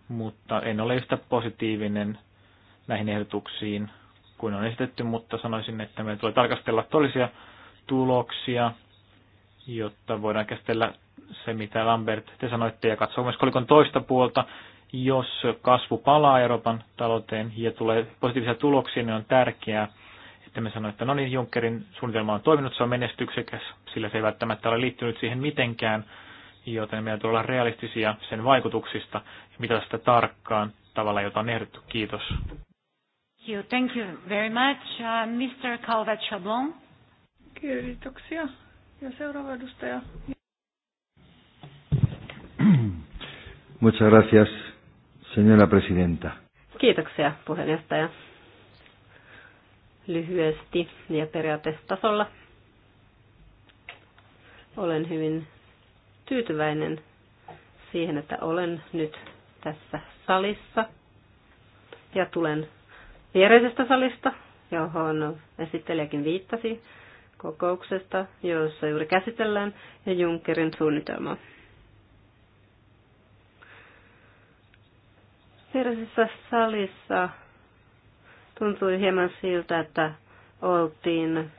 Speaker 2: mutta en ole yhtä positiivinen näihin ehdotuksiin kuin on esitetty, mutta sanoisin, että meidän tulee tarkastella toisia tuloksia, jotta voidaan käsitellä se, mitä Lambert te sanoitte, ja katsoa myös kolikon toista puolta. Jos kasvu palaa Euroopan talouteen ja tulee positiivisia tuloksia, niin on tärkeää, sitten me sanoin, että no niin, Junckerin suunnitelma on toiminut, se on menestyksekäs, sillä se ei välttämättä ole liittynyt siihen mitenkään, joten meidän tulee olla realistisia sen vaikutuksista mitä sitä tarkkaan tavalla, jota on ehdotettu. Kiitos. Thank
Speaker 1: you, Thank you very much, uh, Mr. Calvet Chablon. Kiitoksia.
Speaker 5: Ja seuraava edustaja.
Speaker 4: Muchas gracias, señora presidenta.
Speaker 5: Kiitoksia, puheenjohtaja lyhyesti ja periaatetasolla. Olen hyvin tyytyväinen siihen, että olen nyt tässä salissa ja tulen viereisestä salista, johon esittelijäkin viittasi kokouksesta, jossa juuri käsitellään ja Junckerin suunnitelmaa. Viereisessä salissa tuntui hieman siltä, että oltiin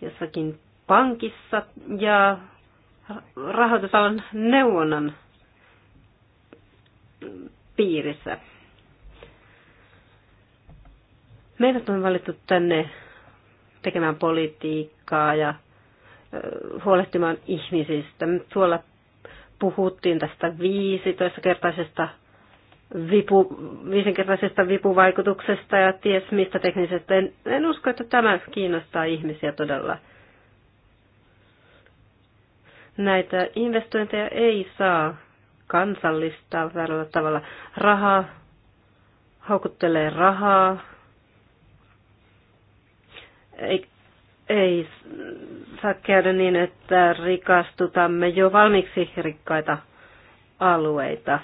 Speaker 5: jossakin pankissa ja rahoitusalan neuvonnan piirissä. Meidät on valittu tänne tekemään politiikkaa ja huolehtimaan ihmisistä. Tuolla puhuttiin tästä 15-kertaisesta vipu, viisinkertaisesta vipuvaikutuksesta ja ties mistä teknisestä. En, en usko, että tämä kiinnostaa ihmisiä todella. Näitä investointeja ei saa kansallistaa väärällä tavalla. Raha haukuttelee rahaa. Ei, ei saa käydä niin, että rikastutamme jo valmiiksi rikkaita alueita.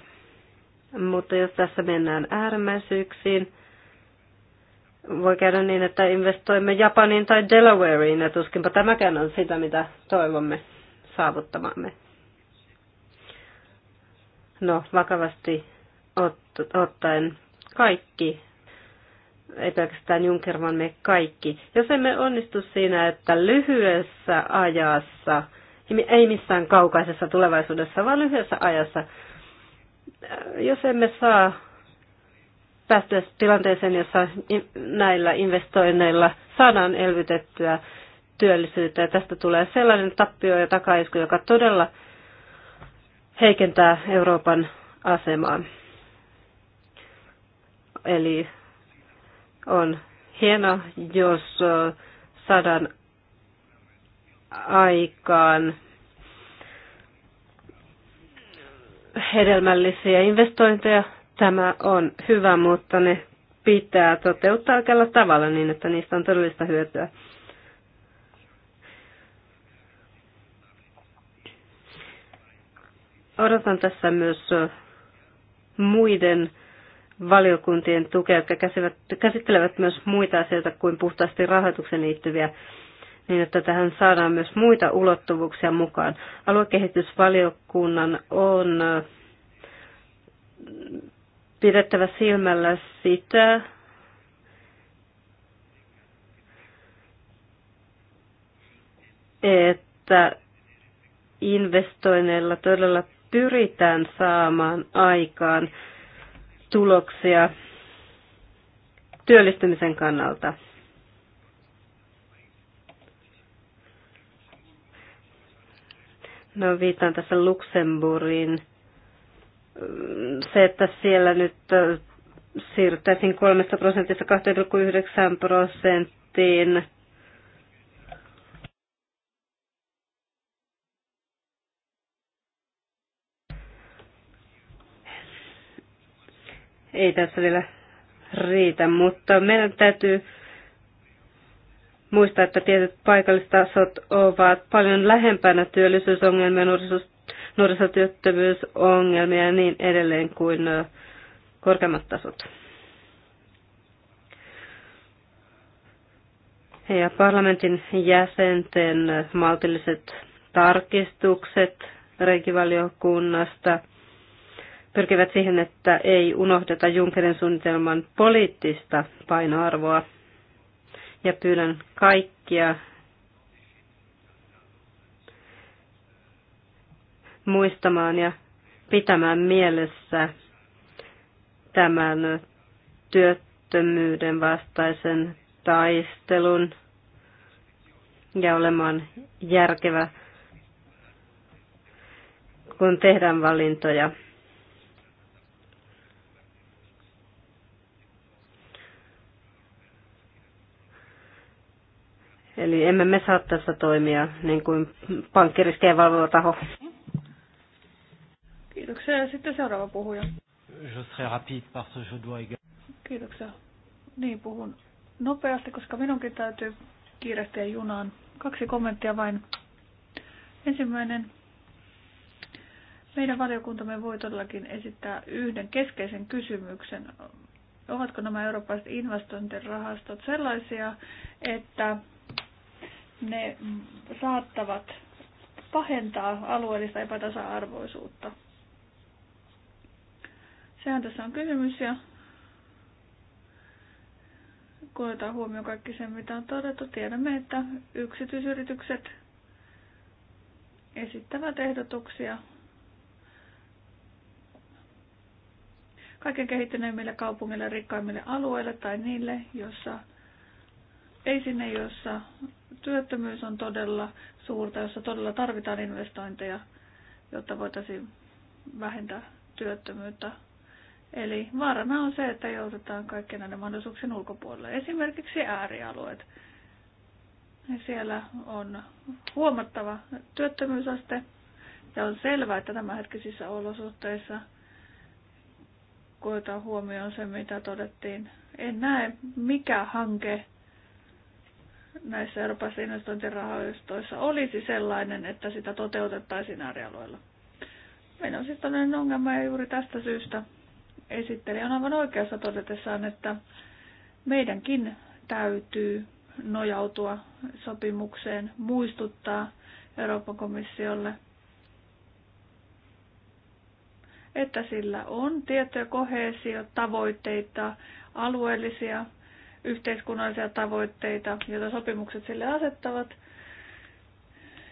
Speaker 5: Mutta jos tässä mennään äärimmäisyyksiin, voi käydä niin, että investoimme Japaniin tai Delawareen, ja tuskinpa tämäkään on sitä, mitä toivomme saavuttamamme. No, vakavasti ottaen kaikki, ei pelkästään Juncker, vaan me kaikki. Jos emme onnistu siinä, että lyhyessä ajassa, ei missään kaukaisessa tulevaisuudessa, vaan lyhyessä ajassa jos emme saa päästä tilanteeseen, jossa näillä investoinneilla saadaan elvytettyä työllisyyttä ja tästä tulee sellainen tappio ja takaisku, joka todella heikentää Euroopan asemaa. Eli on hieno, jos saadaan aikaan hedelmällisiä investointeja. Tämä on hyvä, mutta ne pitää toteuttaa oikealla tavalla niin, että niistä on todellista hyötyä. Odotan tässä myös muiden valiokuntien tukea, jotka käsittelevät myös muita asioita kuin puhtaasti rahoituksen liittyviä niin että tähän saadaan myös muita ulottuvuuksia mukaan. Aluekehitysvaliokunnan on pidettävä silmällä sitä, että investoinneilla todella pyritään saamaan aikaan tuloksia työllistymisen kannalta. No viitan tässä Luxemburgin. Se, että siellä nyt siirryttäisiin 3 prosentista 2,9 prosenttiin. Ei tässä vielä riitä, mutta meidän täytyy muistaa, että tietyt paikallistasot ovat paljon lähempänä työllisyysongelmia, nuorisotyöttömyysongelmia ja niin edelleen kuin korkeammat tasot. Ja parlamentin jäsenten maltilliset tarkistukset reikivaliokunnasta pyrkivät siihen, että ei unohdeta Junckerin suunnitelman poliittista painoarvoa ja pyydän kaikkia muistamaan ja pitämään mielessä tämän työttömyyden vastaisen taistelun ja olemaan järkevä, kun tehdään valintoja. Eli emme me saa tässä toimia niin kuin pankkiriskejä valvova taho.
Speaker 3: Kiitoksia. Ja sitten seuraava puhuja.
Speaker 4: Je serai rapide parce je dois
Speaker 3: Kiitoksia. Niin puhun nopeasti, koska minunkin täytyy kiirehtiä junaan. Kaksi kommenttia vain. Ensimmäinen. Meidän valiokuntamme voi todellakin esittää yhden keskeisen kysymyksen. Ovatko nämä eurooppalaiset investointirahastot sellaisia, että ne saattavat pahentaa alueellista epätasa-arvoisuutta. Sehän tässä on kysymys ja kun otetaan huomioon kaikki sen, mitä on todettu, tiedämme, että yksityisyritykset esittävät ehdotuksia kaiken kehittyneimmille kaupungille, rikkaimmille alueille tai niille, joissa ei sinne, jossa työttömyys on todella suurta, jossa todella tarvitaan investointeja, jotta voitaisiin vähentää työttömyyttä. Eli vaarana on se, että joudutaan kaikkien näiden mahdollisuuksien ulkopuolelle. Esimerkiksi äärialueet. Siellä on huomattava työttömyysaste ja on selvää, että tämänhetkisissä olosuhteissa koetaan huomioon se, mitä todettiin. En näe, mikä hanke näissä Euroopan investointirahoistoissa olisi sellainen, että sitä toteutettaisiin äärialueilla. Meillä on siis tällainen ongelma ja juuri tästä syystä esittelijä on aivan oikeassa todetessaan, että meidänkin täytyy nojautua sopimukseen, muistuttaa Euroopan komissiolle, että sillä on tiettyjä kohesiotavoitteita, alueellisia yhteiskunnallisia tavoitteita, joita sopimukset sille asettavat,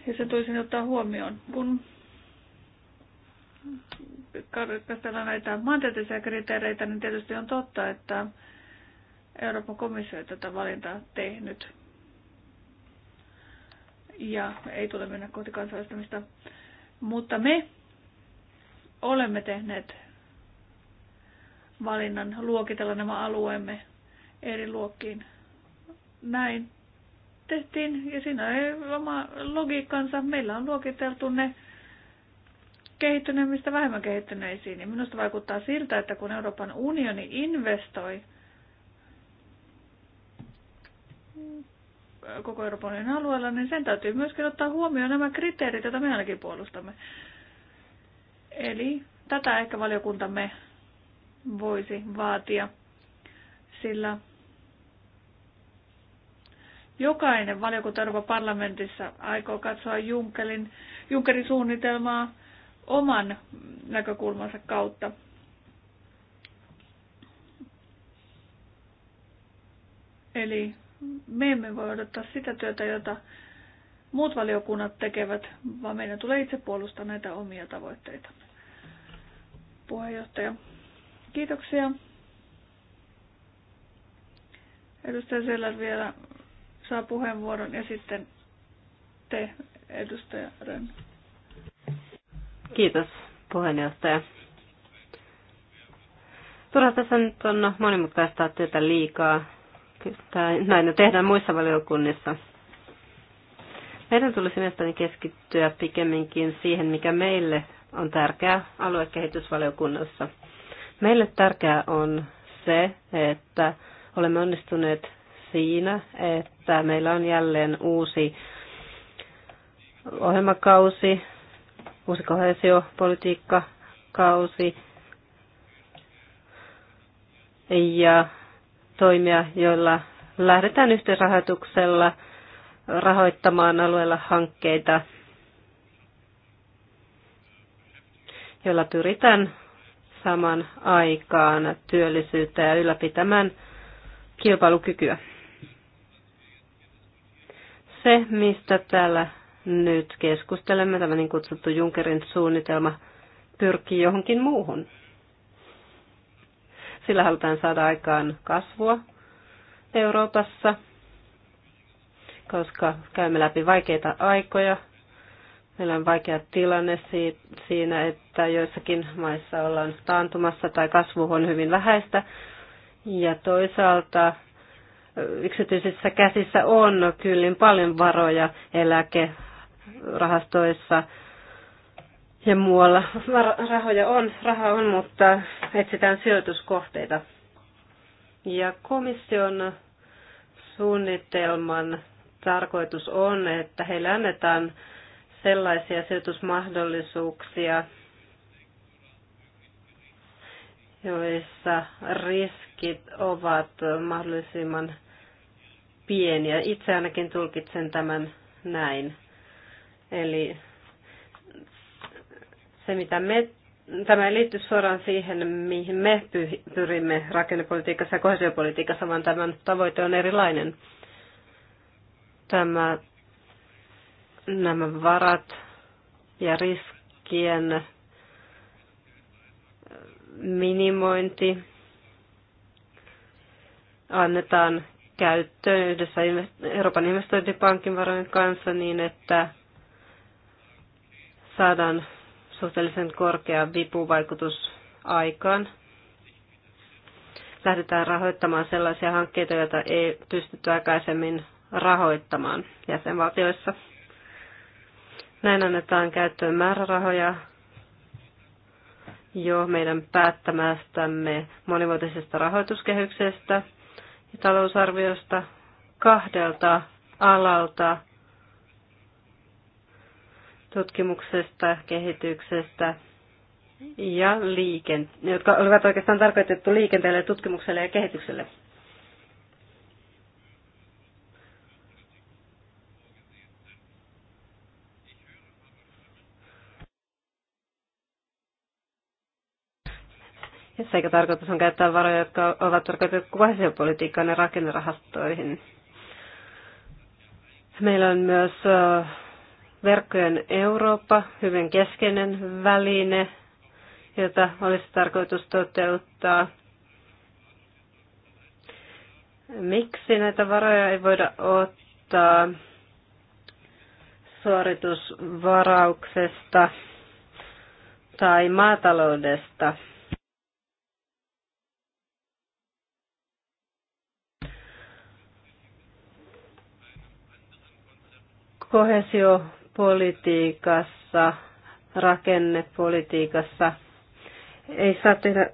Speaker 3: ja se tulisi ottaa huomioon. Kun katsotaan näitä maantieteellisiä kriteereitä, niin tietysti on totta, että Euroopan komissio ei tätä valintaa tehnyt. Ja ei tule mennä kohti kansallistamista. Mutta me olemme tehneet valinnan luokitella nämä alueemme eri luokkiin. Näin tehtiin ja siinä ei oma logiikkansa. Meillä on luokiteltu ne kehittyneemmistä vähemmän kehittyneisiin. Ja minusta vaikuttaa siltä, että kun Euroopan unioni investoi koko Euroopan unionin alueella, niin sen täytyy myöskin ottaa huomioon nämä kriteerit, joita me ainakin puolustamme. Eli tätä ehkä valiokuntamme voisi vaatia, sillä Jokainen valiokunta Euroopan parlamentissa aikoo katsoa Junckerin, Junckerin suunnitelmaa oman näkökulmansa kautta. Eli me emme voi odottaa sitä työtä, jota muut valiokunnat tekevät, vaan meidän tulee itse puolustaa näitä omia tavoitteita. Puheenjohtaja, kiitoksia. Edustaja Seller vielä saa puheenvuoron ja sitten te, edustaja Rönn. Kiitos,
Speaker 5: puheenjohtaja. Turha tässä nyt on monimutkaistaa työtä liikaa. Näin tehdään muissa valiokunnissa. Meidän tulisi mielestäni keskittyä pikemminkin siihen, mikä meille on tärkeää aluekehitysvaliokunnassa. Meille tärkeää on se, että olemme onnistuneet siinä, että meillä on jälleen uusi ohjelmakausi, uusi kohesiopolitiikkakausi ja toimia, joilla lähdetään yhteisrahoituksella rahoittamaan alueella hankkeita, joilla pyritään saman aikaan työllisyyttä ja ylläpitämään kilpailukykyä se, mistä täällä nyt keskustelemme, tämä niin kutsuttu Junkerin suunnitelma, pyrkii johonkin muuhun. Sillä halutaan saada aikaan kasvua Euroopassa, koska käymme läpi vaikeita aikoja. Meillä on vaikea tilanne siinä, että joissakin maissa ollaan taantumassa tai kasvu on hyvin vähäistä. Ja toisaalta yksityisissä käsissä on kyllin paljon varoja eläkerahastoissa ja muualla. Rahoja on, raha on, mutta etsitään sijoituskohteita. Ja komission suunnitelman tarkoitus on, että heille annetaan sellaisia sijoitusmahdollisuuksia, joissa riskit ovat mahdollisimman pieniä. Itse ainakin tulkitsen tämän näin. Eli se, mitä me, tämä ei liitty suoraan siihen, mihin me pyrimme rakennepolitiikassa ja kohesiopolitiikassa, vaan tämän tavoite on erilainen. Tämä, nämä varat ja riskien minimointi annetaan käyttöön yhdessä Euroopan investointipankin varojen kanssa niin, että saadaan suhteellisen korkea vipuvaikutus aikaan. Lähdetään rahoittamaan sellaisia hankkeita, joita ei pystytty aikaisemmin rahoittamaan jäsenvaltioissa. Näin annetaan käyttöön määrärahoja jo meidän päättämästämme monivuotisesta rahoituskehyksestä – talousarviosta kahdelta alalta tutkimuksesta, kehityksestä ja liikenteestä, jotka olivat oikeastaan tarkoitettu liikenteelle, tutkimukselle ja kehitykselle. Ja sekä tarkoitus on käyttää varoja, jotka ovat tarkoitettu kohesiopolitiikkaan ja rakennerahastoihin. Meillä on myös verkkojen Eurooppa, hyvin keskeinen väline, jota olisi tarkoitus toteuttaa. Miksi näitä varoja ei voida ottaa suoritusvarauksesta tai maataloudesta? kohesiopolitiikassa, rakennepolitiikassa ei saa tehdä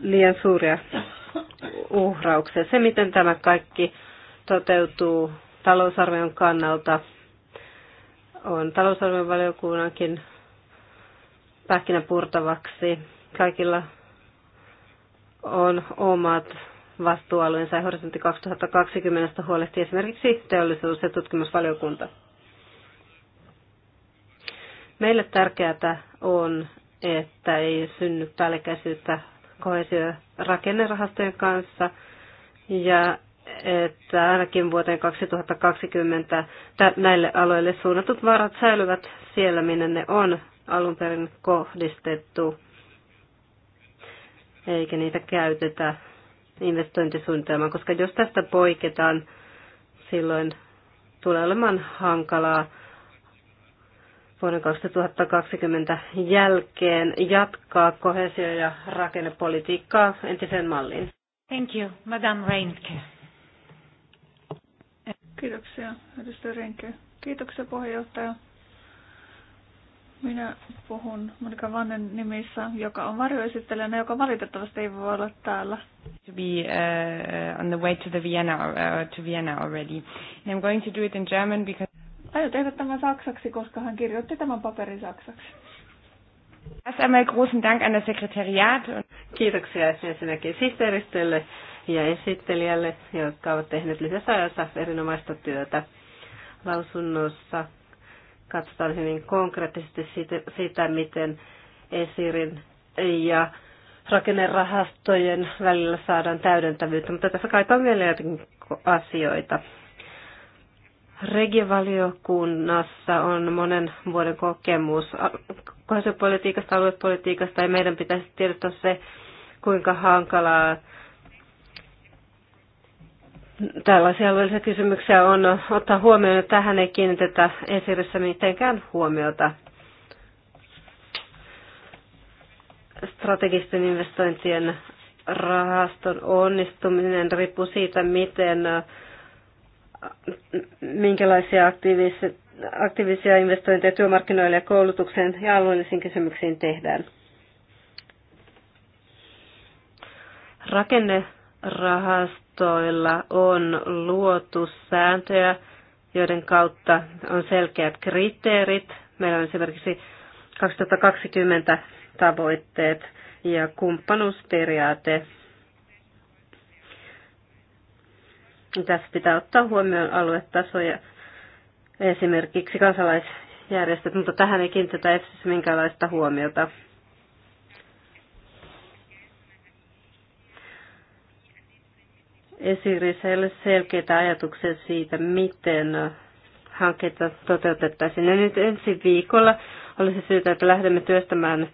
Speaker 5: liian suuria uhrauksia. Se, miten tämä kaikki toteutuu talousarvion kannalta, on talousarvion valiokunnankin pähkinä purtavaksi. Kaikilla on omat vastuualueensa horisontti 2020 huolehtii esimerkiksi teollisuus- ja tutkimusvaliokunta. Meille tärkeää on, että ei synny päällekkäisyyttä kohesio- rakennerahastojen kanssa ja että ainakin vuoteen 2020 näille aloille suunnatut varat säilyvät siellä, minne ne on alun perin kohdistettu, eikä niitä käytetä investointisuunnitelmaan, koska jos tästä poiketaan, silloin tulee olemaan hankalaa vuoden 2020 jälkeen jatkaa kohesio- ja rakennepolitiikkaa entiseen malliin.
Speaker 1: Thank you, Madame Reinke. Kiitoksia, edustaja
Speaker 3: Reinke. Kiitoksia puheenjohtaja. Minä puhun Monika Vannen nimissä, joka on varjoesittelijänä, joka valitettavasti ei voi olla täällä.
Speaker 1: To be uh, uh, on the way to the Vienna, uh, to Vienna already. And I'm going to do it in German because...
Speaker 3: Aio tehdä tämän saksaksi, koska hän kirjoitti tämän paperin saksaksi.
Speaker 5: Erst einmal großen Dank an das Sekretariat. Kiitoksia ensinnäkin sihteeristölle ja esittelijälle, jotka ovat tehneet lyhyessä ajassa erinomaista työtä lausunnossa katsotaan hyvin konkreettisesti sitä, miten esirin ja rakennerahastojen välillä saadaan täydentävyyttä, mutta tässä kaipataan vielä jotakin asioita. Regivaliokunnassa on monen vuoden kokemus kohdallisuuspolitiikasta, aluepolitiikasta ja meidän pitäisi tiedottaa se, kuinka hankalaa Tällaisia alueellisia kysymyksiä on ottaa huomioon, että tähän ei kiinnitetä esirissä mitenkään huomiota. Strategisten investointien rahaston onnistuminen riippuu siitä, miten minkälaisia aktiivisia investointeja työmarkkinoille ja koulutukseen ja alueellisiin kysymyksiin tehdään. Rakennerahasto virastoilla on luotu sääntöjä, joiden kautta on selkeät kriteerit. Meillä on esimerkiksi 2020 tavoitteet ja kumppanuusperiaate. Tässä pitää ottaa huomioon aluetasoja, esimerkiksi kansalaisjärjestöt, mutta tähän ei kiinnitetä EFSissä minkäänlaista huomiota. esiriselle selkeitä ajatuksia siitä, miten hanketta toteutettaisiin. Ja nyt ensi viikolla olisi syytä, että lähdemme työstämään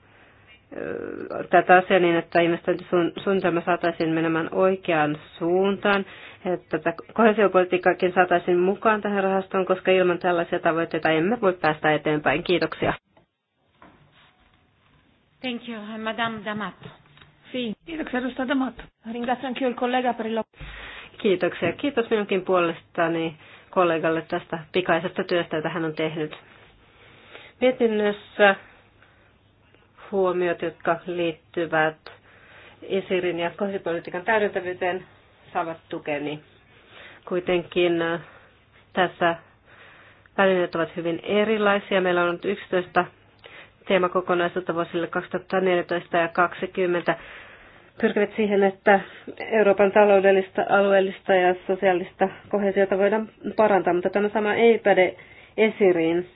Speaker 5: tätä asiaa niin, että investointisuunnitelma saataisiin menemään oikeaan suuntaan, että kohesiopolitiikkaakin saataisiin mukaan tähän rahastoon, koska ilman tällaisia tavoitteita emme voi päästä eteenpäin. Kiitoksia.
Speaker 1: Thank you. Madame Damato.
Speaker 5: Kiitoksia edustaja Damato. Ringrazian anch'io il collega per il Kiitoksia. Kiitos minunkin puolestani kollegalle tästä pikaisesta työstä, jota hän on tehnyt. Mietinnössä huomiot, jotka liittyvät Isirin ja kohdipolitiikan täydentävyyteen, saavat tukeni. Kuitenkin äh, tässä välineet ovat hyvin erilaisia. Meillä on nyt 11 teemakokonaisuutta vuosille 2014 ja 2020 pyrkivät siihen, että Euroopan taloudellista, alueellista ja sosiaalista kohesiota voidaan parantaa, mutta tämä sama ei päde esiriin.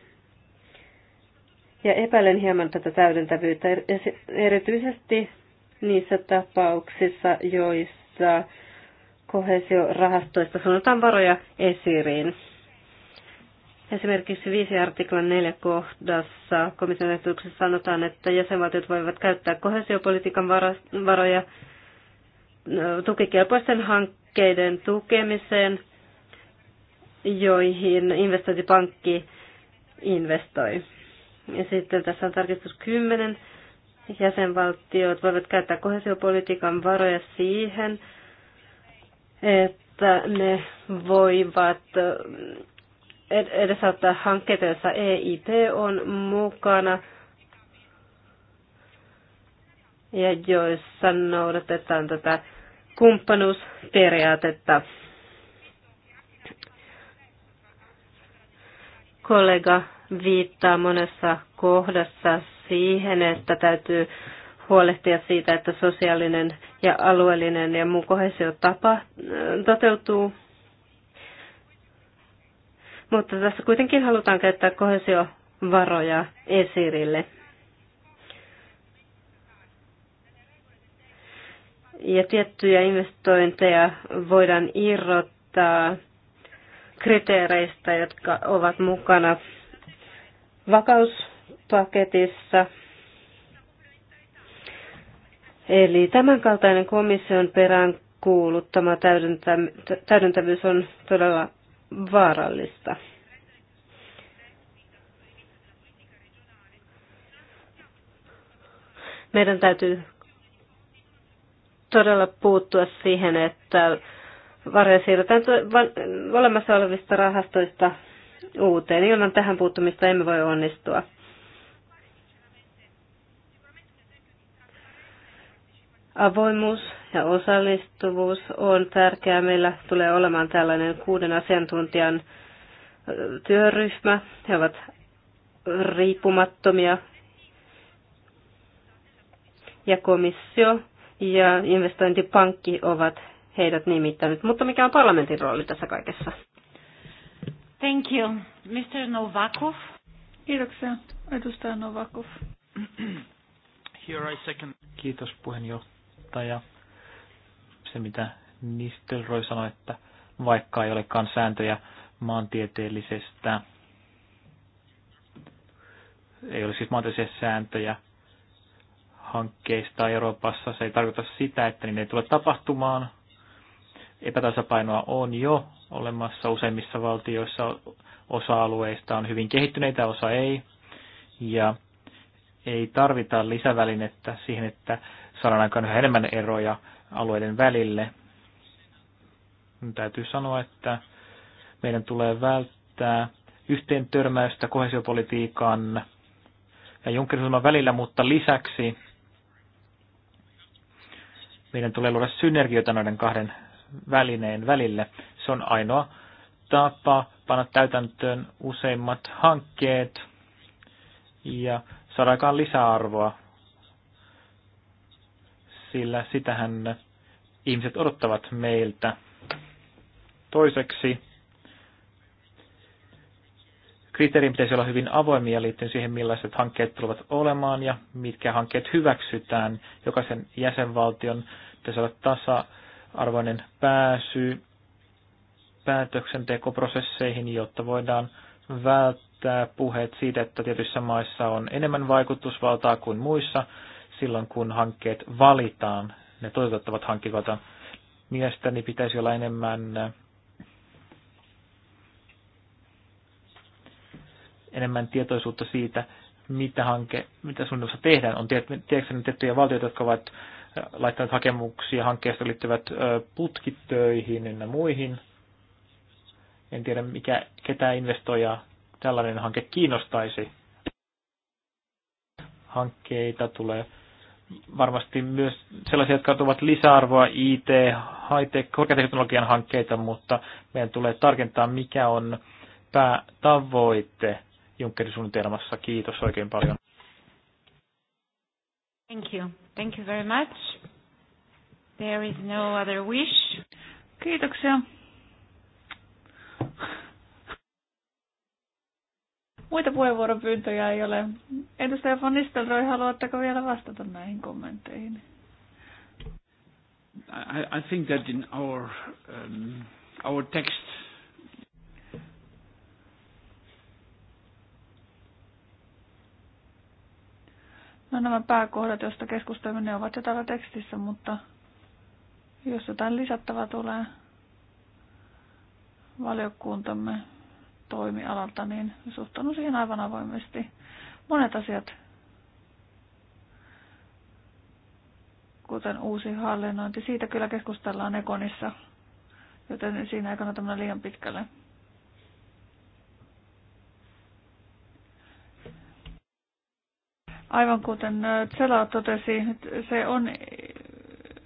Speaker 5: Ja epäilen hieman tätä täydentävyyttä, er-, erityisesti niissä tapauksissa, joissa kohesiorahastoista sanotaan varoja esiriin. Esimerkiksi 5 artiklan 4 kohdassa komission ehdotuksessa sanotaan, että jäsenvaltiot voivat käyttää kohesiopolitiikan varoja tukikelpoisten hankkeiden tukemiseen, joihin investointipankki investoi. Ja sitten tässä on tarkistus 10. Jäsenvaltiot voivat käyttää kohesiopolitiikan varoja siihen, että ne voivat edesauttaa hankkeita, joissa EIP on mukana ja joissa noudatetaan tätä kumppanuusperiaatetta. Kollega viittaa monessa kohdassa siihen, että täytyy huolehtia siitä, että sosiaalinen ja alueellinen ja muu kohesio tapa, toteutuu mutta tässä kuitenkin halutaan käyttää kohesiovaroja esirille. Ja tiettyjä investointeja voidaan irrottaa kriteereistä, jotka ovat mukana vakauspaketissa. Eli tämänkaltainen komission perään kuuluttama täydentävyys on todella vaarallista. Meidän täytyy todella puuttua siihen, että varoja siirretään olemassa olevista rahastoista uuteen. Ilman tähän puuttumista emme voi onnistua. Avoimuus ja osallistuvuus on tärkeää. Meillä tulee olemaan tällainen kuuden asiantuntijan työryhmä. He ovat riippumattomia ja komissio ja investointipankki ovat heidät nimittänyt. Mutta mikä on parlamentin rooli tässä kaikessa?
Speaker 1: Thank you. Mr. Novakov. Kiitoksia, edustaja Novakov.
Speaker 2: Here I second. Kiitos puheenjohtaja se, mitä Nistelroi sanoi, että vaikka ei olekaan sääntöjä maantieteellisestä, ei ole siis maantieteellisiä sääntöjä hankkeista Euroopassa, se ei tarkoita sitä, että niin ei tule tapahtumaan. Epätasapainoa on jo olemassa useimmissa valtioissa, osa alueista on hyvin kehittyneitä, osa ei. Ja ei tarvita lisävälinettä siihen, että saadaan aikaan yhä enemmän eroja alueiden välille. Täytyy sanoa, että meidän tulee välttää yhteen törmäystä kohesiopolitiikan ja Junckerin välillä, mutta lisäksi meidän tulee luoda synergioita noiden kahden välineen välille. Se on ainoa tapa panna täytäntöön useimmat hankkeet ja saada aikaan lisäarvoa sillä sitähän ihmiset odottavat meiltä. Toiseksi kriteerin pitäisi olla hyvin avoimia liittyen siihen, millaiset hankkeet tulevat olemaan ja mitkä hankkeet hyväksytään. Jokaisen jäsenvaltion pitäisi olla tasa-arvoinen pääsy päätöksentekoprosesseihin, jotta voidaan välttää puheet siitä, että tietyissä maissa on enemmän vaikutusvaltaa kuin muissa, silloin, kun hankkeet valitaan, ne toteutettavat hankkeet valitaan. Mielestäni pitäisi olla enemmän enemmän tietoisuutta siitä, mitä hanke, mitä suunnitelmassa tehdään. On tiedätkö tiettyjä valtioita, jotka ovat laittaneet hakemuksia hankkeesta liittyvät putkitöihin ja muihin. En tiedä, mikä, ketä investoija tällainen hanke kiinnostaisi. Hankkeita tulee varmasti myös sellaisia, jotka tuovat lisäarvoa IT, high-tech, korkeateknologian hankkeita, mutta meidän tulee tarkentaa, mikä on päätavoite Junckerin suunnitelmassa. Kiitos oikein paljon.
Speaker 1: Thank you. Thank you very much. There is no other wish. Kiitoksia.
Speaker 3: Muita puheenvuoropyyntöjä ei ole. Edustaja von Nistelrooy, haluatteko vielä vastata näihin kommentteihin?
Speaker 4: I, I think that in our, um, our text
Speaker 3: No nämä pääkohdat, joista keskustelemme, ovat jo täällä tekstissä, mutta jos jotain lisättävää tulee valiokuntamme toimialalta, niin suhtaudun siihen aivan avoimesti. Monet asiat, kuten uusi hallinnointi, siitä kyllä keskustellaan Ekonissa, joten siinä ei kannata mennä liian pitkälle. Aivan kuten Tsela totesi, se on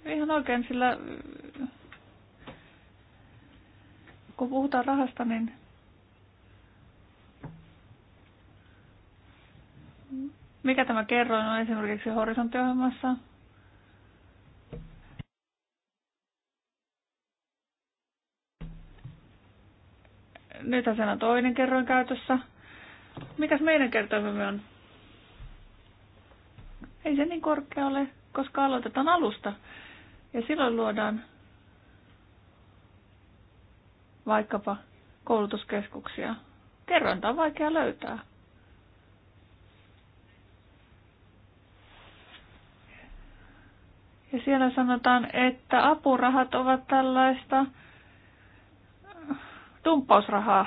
Speaker 3: ihan oikein, sillä kun puhutaan rahasta, niin Mikä tämä kerroin on esimerkiksi horisonttiohjelmassa? Nyt sen on toinen kerroin käytössä. Mikäs meidän kertoimemme on? Ei se niin korkea ole, koska aloitetaan alusta. Ja silloin luodaan vaikkapa koulutuskeskuksia. Kerrointa on vaikea löytää. Ja siellä sanotaan, että apurahat ovat tällaista tumppausrahaa.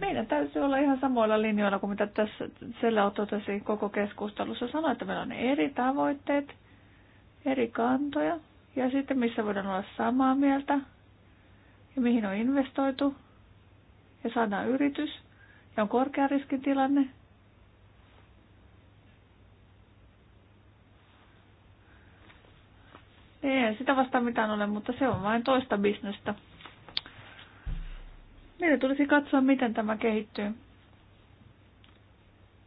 Speaker 3: Meidän täytyy olla ihan samoilla linjoilla kuin mitä tässä Sella totesi koko keskustelussa. Sanoit, että meillä on eri tavoitteet, eri kantoja ja sitten missä voidaan olla samaa mieltä ja mihin on investoitu ja saadaan yritys ja on korkea riskitilanne Ei sitä vastaan mitään ole, mutta se on vain toista bisnestä. Meidän tulisi katsoa, miten tämä kehittyy.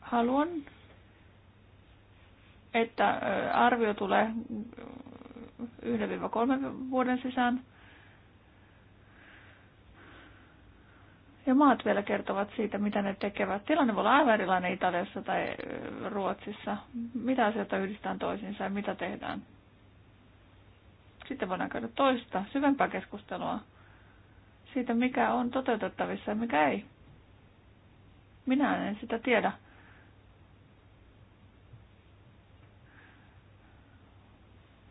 Speaker 3: Haluan, että arvio tulee 1-3 vuoden sisään. Ja maat vielä kertovat siitä, mitä ne tekevät. Tilanne voi olla aivan erilainen Italiassa tai Ruotsissa. Mitä asioita yhdistetään toisiinsa ja mitä tehdään. Sitten voidaan käydä toista, syvempää keskustelua siitä, mikä on toteutettavissa ja mikä ei. Minä en sitä tiedä.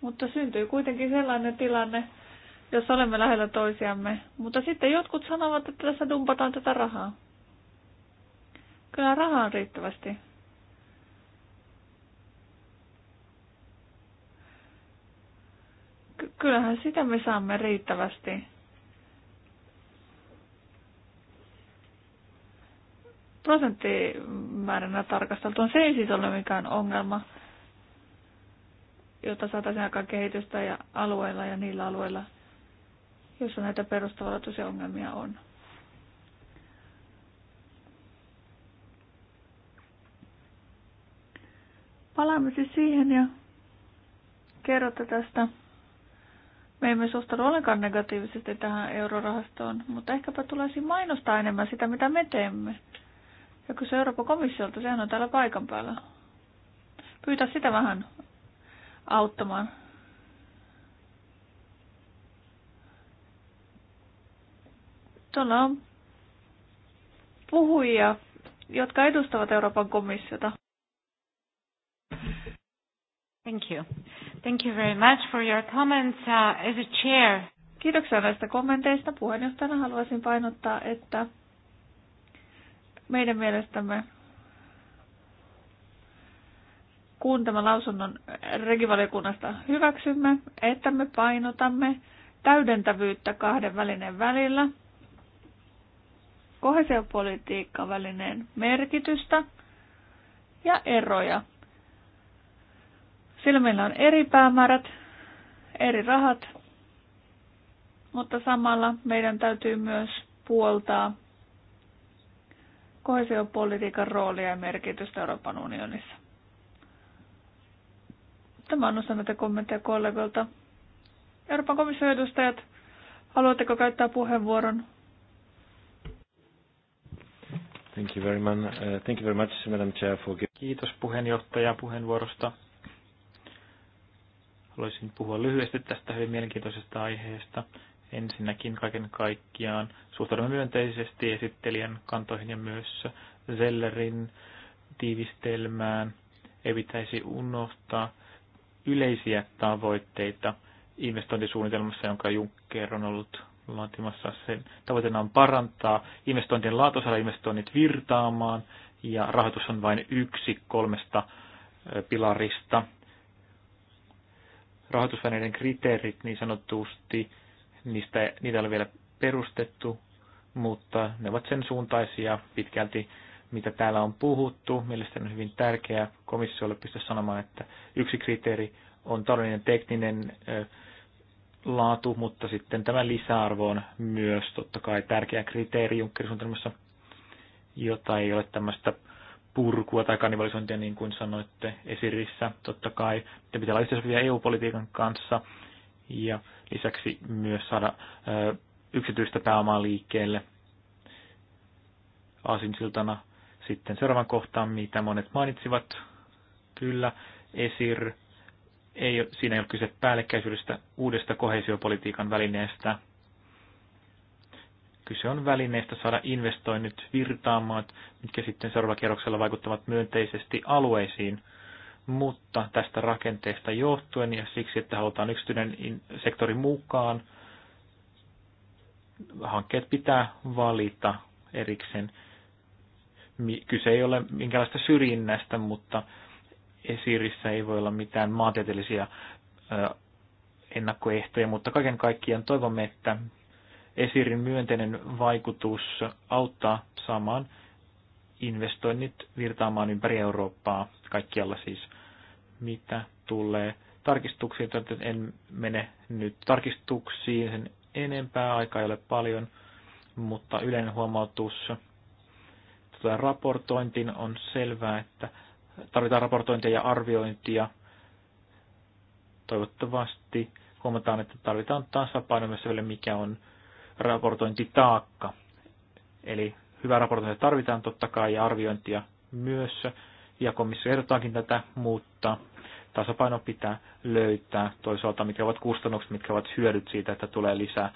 Speaker 3: Mutta syntyy kuitenkin sellainen tilanne, jos olemme lähellä toisiamme. Mutta sitten jotkut sanovat, että tässä dumpataan tätä rahaa. Kyllä rahaa on riittävästi. kyllähän sitä me saamme riittävästi. Prosenttimääränä on se ei siis ole mikään ongelma, jota saataisiin aikaan kehitystä ja alueilla ja niillä alueilla, joissa näitä perustavallatuisia ongelmia on. Palaamme siis siihen ja kerrotte tästä. Me emme suhtaudu ollenkaan negatiivisesti tähän eurorahastoon, mutta ehkäpä tulisi mainostaa enemmän sitä, mitä me teemme. Ja kysy Euroopan komissiolta, sehän on täällä paikan päällä. Pyytä sitä vähän auttamaan. Tuolla on
Speaker 1: puhujia, jotka edustavat Euroopan komissiota. Thank you. Thank you very much for your comments uh, as a chair. Kiitoksia näistä kommenteista. Puheenjohtajana haluaisin painottaa, että
Speaker 3: meidän mielestämme kun tämän lausunnon regivaliokunnasta hyväksymme, että me painotamme täydentävyyttä kahden välinen välillä, kohesiopolitiikkavälineen merkitystä ja eroja sillä meillä on eri päämäärät, eri rahat, mutta samalla meidän täytyy myös puoltaa koesiopolitiikan roolia ja merkitystä Euroopan unionissa. Tämä on osa näitä kommentteja kollegoilta. Euroopan komission edustajat, haluatteko käyttää puheenvuoron?
Speaker 2: Thank you very much, thank you very much Madam Chair, for... Kiitos puheenjohtaja puheenvuorosta. Haluaisin puhua lyhyesti tästä hyvin mielenkiintoisesta aiheesta. Ensinnäkin kaiken kaikkiaan suhtaudumme myönteisesti esittelijän kantoihin ja myös Zellerin tiivistelmään. Ei pitäisi unohtaa yleisiä tavoitteita investointisuunnitelmassa, jonka Juncker on ollut laatimassa. Sen tavoitteena on parantaa investointien laatu, saada investoinnit virtaamaan, ja rahoitus on vain yksi kolmesta pilarista rahoitusvälineiden kriteerit niin sanotusti, niistä, niitä oli vielä perustettu, mutta ne ovat sen suuntaisia pitkälti, mitä täällä on puhuttu. Mielestäni on hyvin tärkeää komissiolle pystyä sanomaan, että yksi kriteeri on taloudellinen tekninen laatu, mutta sitten tämä lisäarvo on myös totta kai tärkeä kriteeri Junckerin suunnitelmassa, jota ei ole tämmöistä purkua tai kannibalisointia, niin kuin sanoitte esirissä, totta kai. Te pitää olla yhteisöviä EU-politiikan kanssa ja lisäksi myös saada ö, yksityistä pääomaa liikkeelle aasinsiltana sitten seuraavan kohtaan, mitä monet mainitsivat. Kyllä, ESIR, ei, siinä ei ole kyse päällekkäisyydestä uudesta kohesiopolitiikan välineestä. Kyse on välineistä saada investoinnit virtaamaan, mitkä sitten seuraavalla kerroksella vaikuttavat myönteisesti alueisiin. Mutta tästä rakenteesta johtuen ja siksi, että halutaan yksityinen sektori mukaan, hankkeet pitää valita erikseen. Kyse ei ole minkäänlaista syrjinnästä, mutta esirissä ei voi olla mitään maantieteellisiä ennakkoehtoja, mutta kaiken kaikkiaan toivomme, että Esirin myönteinen vaikutus auttaa saamaan investoinnit virtaamaan ympäri Eurooppaa, kaikkialla siis, mitä tulee tarkistuksiin, en mene nyt tarkistuksiin, sen enempää aikaa ei ole paljon, mutta yleinen huomautus tulee tuota raportointiin, on selvää, että tarvitaan raportointia ja arviointia. Toivottavasti huomataan, että tarvitaan tasapaino myös sille, mikä on raportointitaakka. Eli hyvää raportointia tarvitaan totta kai ja arviointia myös, ja komissio ehdotaankin tätä, mutta tasapaino pitää löytää toisaalta, mitkä ovat kustannukset, mitkä ovat hyödyt siitä, että tulee lisää,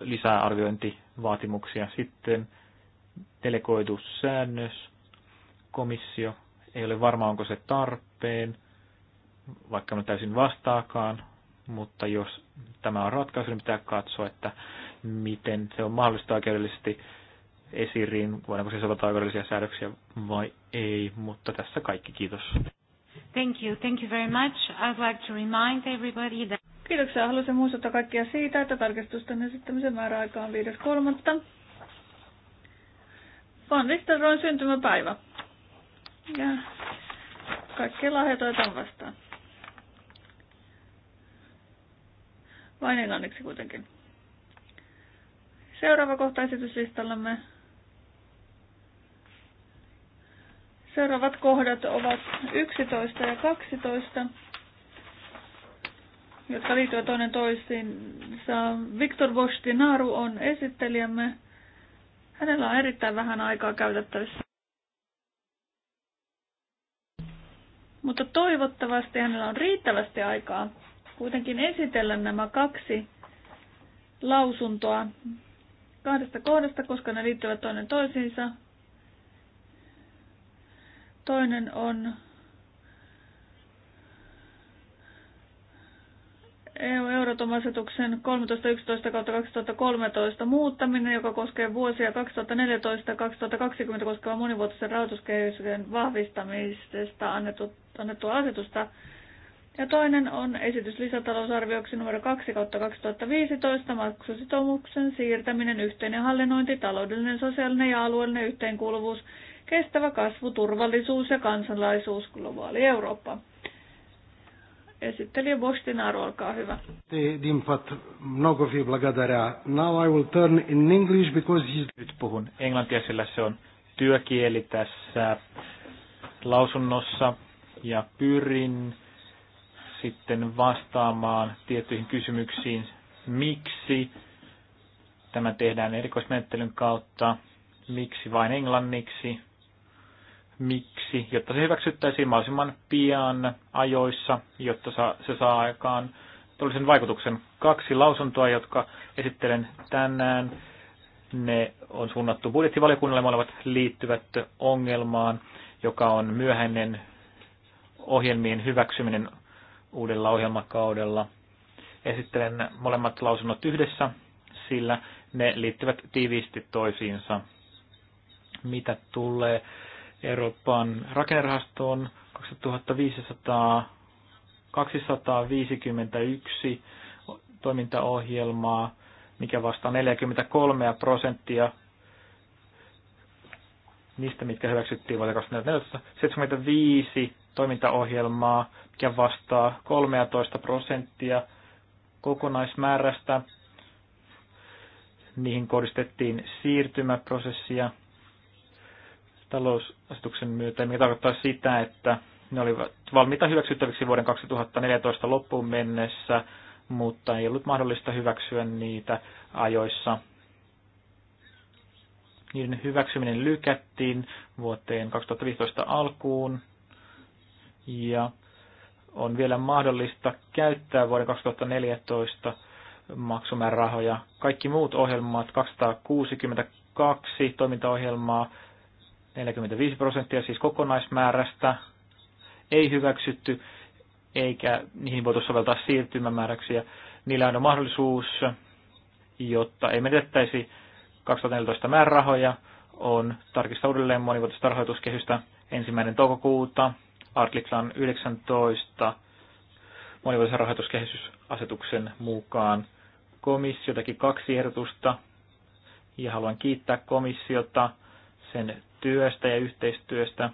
Speaker 2: lisää arviointivaatimuksia. Sitten delegoitu säännös, komissio, ei ole varma, onko se tarpeen, vaikka mä täysin vastaakaan, mutta jos tämä on ratkaisu, niin pitää katsoa, että miten se on mahdollista oikeudellisesti esiriin, voidaanko se soveltaa oikeudellisia säädöksiä vai ei, mutta tässä kaikki, kiitos.
Speaker 1: Thank you, thank you very much. I'd like to remind everybody that... Kiitoksia, haluaisin muistuttaa kaikkia siitä, että
Speaker 3: tarkistusten esittämisen määräaika on 5.3. Van Nistelrooyn syntymäpäivä. Ja kaikki lahjat otetaan vastaan. Vain englanniksi kuitenkin. Seuraava kohta esityslistallamme. Seuraavat kohdat ovat 11 ja 12, jotka liittyvät toinen toisiinsa. Viktor Vostinaru on esittelijämme. Hänellä on erittäin vähän aikaa käytettävissä. Mutta toivottavasti hänellä on riittävästi aikaa kuitenkin esitellä nämä kaksi lausuntoa, kahdesta kohdasta, koska ne liittyvät toinen toisiinsa. Toinen on EU-eurotomasetuksen 13.11.2013 muuttaminen, joka koskee vuosia 2014-2020 koskevan monivuotisen rahoituskehyksen vahvistamisesta annettua asetusta ja toinen on esitys lisätalousarvioksi numero 2 kautta 2015 maksusitoumuksen siirtäminen, yhteinen hallinnointi, taloudellinen, sosiaalinen ja alueellinen yhteenkuuluvuus, kestävä kasvu, turvallisuus ja kansalaisuus globaali Eurooppa. Esittelijä Bostinaru, olkaa hyvä.
Speaker 4: Din mnogo vi Now I will turn in English because he's... Nyt puhun
Speaker 2: englantia, sillä se on työkieli tässä lausunnossa ja pyrin sitten vastaamaan tiettyihin kysymyksiin, miksi tämä tehdään erikoismenettelyn kautta, miksi vain englanniksi, miksi, jotta se hyväksyttäisiin mahdollisimman pian ajoissa, jotta se saa aikaan todellisen vaikutuksen. Kaksi lausuntoa, jotka esittelen tänään, ne on suunnattu budjettivaliokunnalle, molemmat liittyvät ongelmaan, joka on myöhäinen ohjelmien hyväksyminen uudella ohjelmakaudella. Esittelen molemmat lausunnot yhdessä, sillä ne liittyvät tiiviisti toisiinsa. Mitä tulee Euroopan rakennerahastoon 2500 251 toimintaohjelmaa, mikä vastaa 43 prosenttia niistä, mitkä hyväksyttiin vuonna 2014. 75 toimintaohjelmaa, mikä vastaa 13 prosenttia kokonaismäärästä. Niihin kohdistettiin siirtymäprosessia talousasetuksen myötä, mikä tarkoittaa sitä, että ne olivat valmiita hyväksyttäviksi vuoden 2014 loppuun mennessä, mutta ei ollut mahdollista hyväksyä niitä ajoissa. Niiden hyväksyminen lykättiin vuoteen 2015 alkuun ja on vielä mahdollista käyttää vuoden 2014 maksumäärärahoja. Kaikki muut ohjelmat, 262 toimintaohjelmaa, 45 prosenttia siis kokonaismäärästä, ei hyväksytty, eikä niihin voitu soveltaa siirtymämääräksiä. Niillä on mahdollisuus, jotta ei menetettäisi 2014 määrärahoja, on tarkistaa uudelleen monivuotista rahoituskehystä ensimmäinen toukokuuta artiklan 19 monivuotisen rahoituskehitysasetuksen mukaan. Komissio teki kaksi ehdotusta ja haluan kiittää komissiota sen työstä ja yhteistyöstä.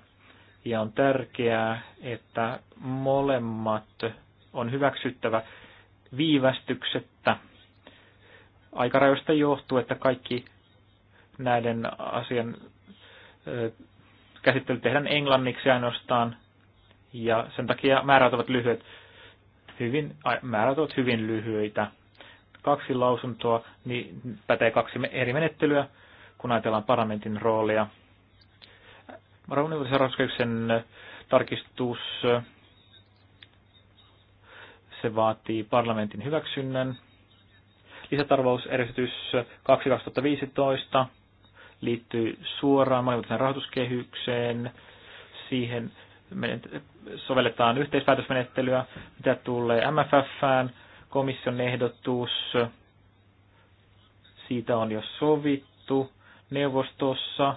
Speaker 2: Ja on tärkeää, että molemmat on hyväksyttävä viivästyksettä aikarajoista johtuu, että kaikki näiden asian käsittely tehdään englanniksi ainoastaan ja sen takia määrät ovat lyhyet. Hyvin, määrät ovat hyvin lyhyitä. Kaksi lausuntoa, niin pätee kaksi eri menettelyä, kun ajatellaan parlamentin roolia. Raunivuotisen äh, tarkistus, äh, se vaatii parlamentin hyväksynnän. Lisätarvousesitys 2015 äh, liittyy suoraan monivuotiseen rahoituskehykseen, siihen sovelletaan yhteispäätösmenettelyä, mitä tulee MFFään, komission ehdotus, siitä on jo sovittu neuvostossa,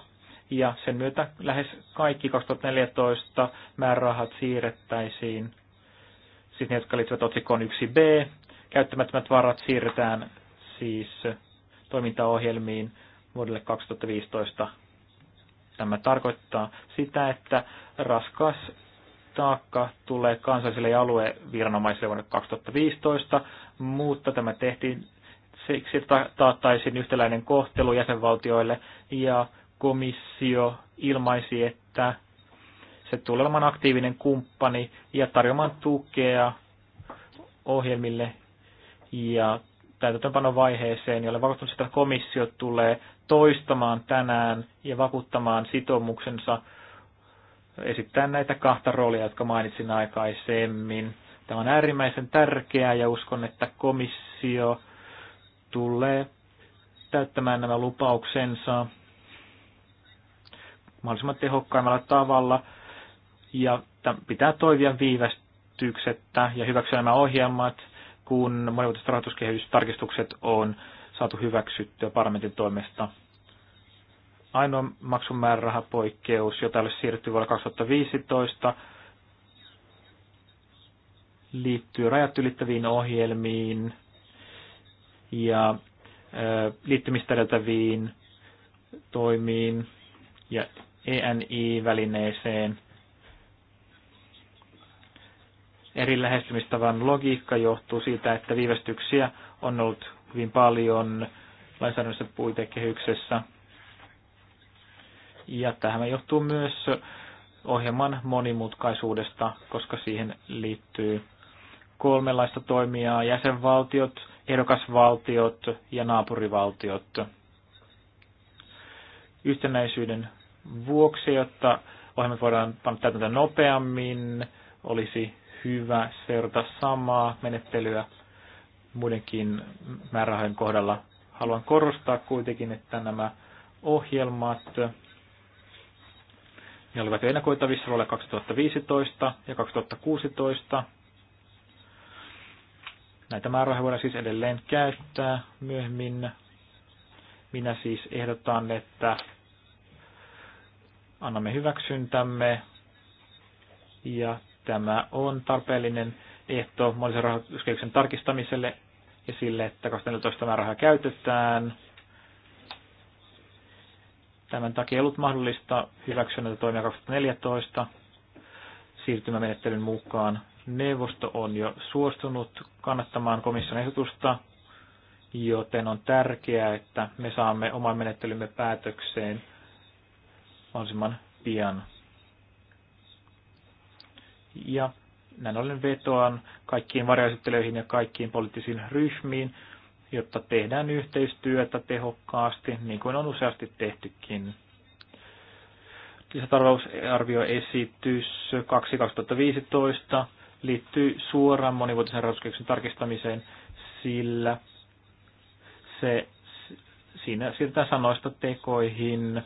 Speaker 2: ja sen myötä lähes kaikki 2014 määrärahat siirrettäisiin, siis ne, jotka liittyvät otsikkoon 1b, käyttämättömät varat siirretään siis toimintaohjelmiin vuodelle 2015 Tämä tarkoittaa sitä, että raskas taakka tulee kansalliselle ja alueviranomaisille vuonna 2015, mutta tämä tehtiin siksi, että taattaisiin yhtäläinen kohtelu jäsenvaltioille ja komissio ilmaisi, että se tulee olemaan aktiivinen kumppani ja tarjoamaan tukea ohjelmille ja täytäntöönpanovaiheeseen, vaiheeseen, jolle vaikuttamista komissio tulee toistamaan tänään ja vakuuttamaan sitoumuksensa esittää näitä kahta roolia, jotka mainitsin aikaisemmin. Tämä on äärimmäisen tärkeää ja uskon, että komissio tulee täyttämään nämä lupauksensa mahdollisimman tehokkaimmalla tavalla ja pitää toivia viivästyksettä ja hyväksyä nämä ohjelmat, kun monivuotiset rahoituskehitystarkistukset on saatu hyväksyttyä parlamentin toimesta ainoa maksumäärärahapoikkeus, jota olisi siirretty vuonna 2015, liittyy rajat ylittäviin ohjelmiin ja liittymistä edeltäviin toimiin ja ENI-välineeseen. Eri lähestymistavan logiikka johtuu siitä, että viivästyksiä on ollut hyvin paljon lainsäädännössä puitekehyksessä – ja tähän johtuu myös ohjelman monimutkaisuudesta, koska siihen liittyy kolmenlaista toimijaa, jäsenvaltiot, ehdokasvaltiot ja naapurivaltiot. Yhtenäisyyden vuoksi, jotta ohjelmat voidaan panna tätä nopeammin, olisi hyvä seurata samaa menettelyä muidenkin määrärahojen kohdalla. Haluan korostaa kuitenkin, että nämä ohjelmat ne olivat ennakoitavissa vuonna 2015 ja 2016. Näitä määrärahoja voidaan siis edelleen käyttää myöhemmin. Minä siis ehdotan, että annamme hyväksyntämme ja tämä on tarpeellinen ehto monisen rahoituskehyksen tarkistamiselle ja sille, että 2014 määrärahaa käytetään – Tämän takia ei ollut mahdollista hyväksyä näitä toimia 2014 siirtymämenettelyn mukaan. Neuvosto on jo suostunut kannattamaan komission ehdotusta, joten on tärkeää, että me saamme oman menettelymme päätökseen mahdollisimman pian. Ja näin ollen vetoan kaikkiin varjoesittelijöihin ja kaikkiin poliittisiin ryhmiin, jotta tehdään yhteistyötä tehokkaasti, niin kuin on useasti tehtykin. Lisätalousarvioesitys 2015 liittyy suoraan monivuotisen rahoituskehyksen tarkistamiseen, sillä se, siinä siirrytään sanoista tekoihin,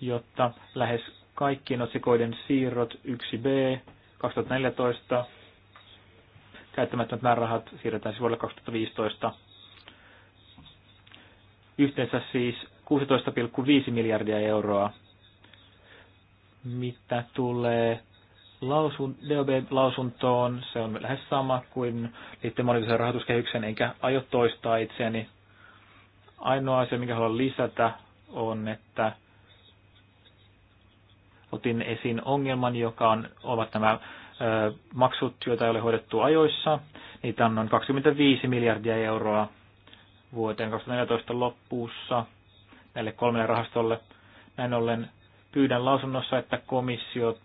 Speaker 2: jotta lähes kaikkien otsikoiden siirrot 1b 2014 käyttämättömät määrärahat siirretään siis vuodelle 2015. Yhteensä siis 16,5 miljardia euroa. Mitä tulee lausun, DOB-lausuntoon, se on lähes sama kuin liittyen monivuotisen rahoituskehyksen, enkä aio toistaa itseäni. Ainoa asia, minkä haluan lisätä, on, että otin esiin ongelman, joka on, ovat nämä maksut, joita ei ole hoidettu ajoissa, niitä on noin 25 miljardia euroa vuoteen 2014 loppuussa näille kolmelle rahastolle. Näin ollen pyydän lausunnossa, että komissio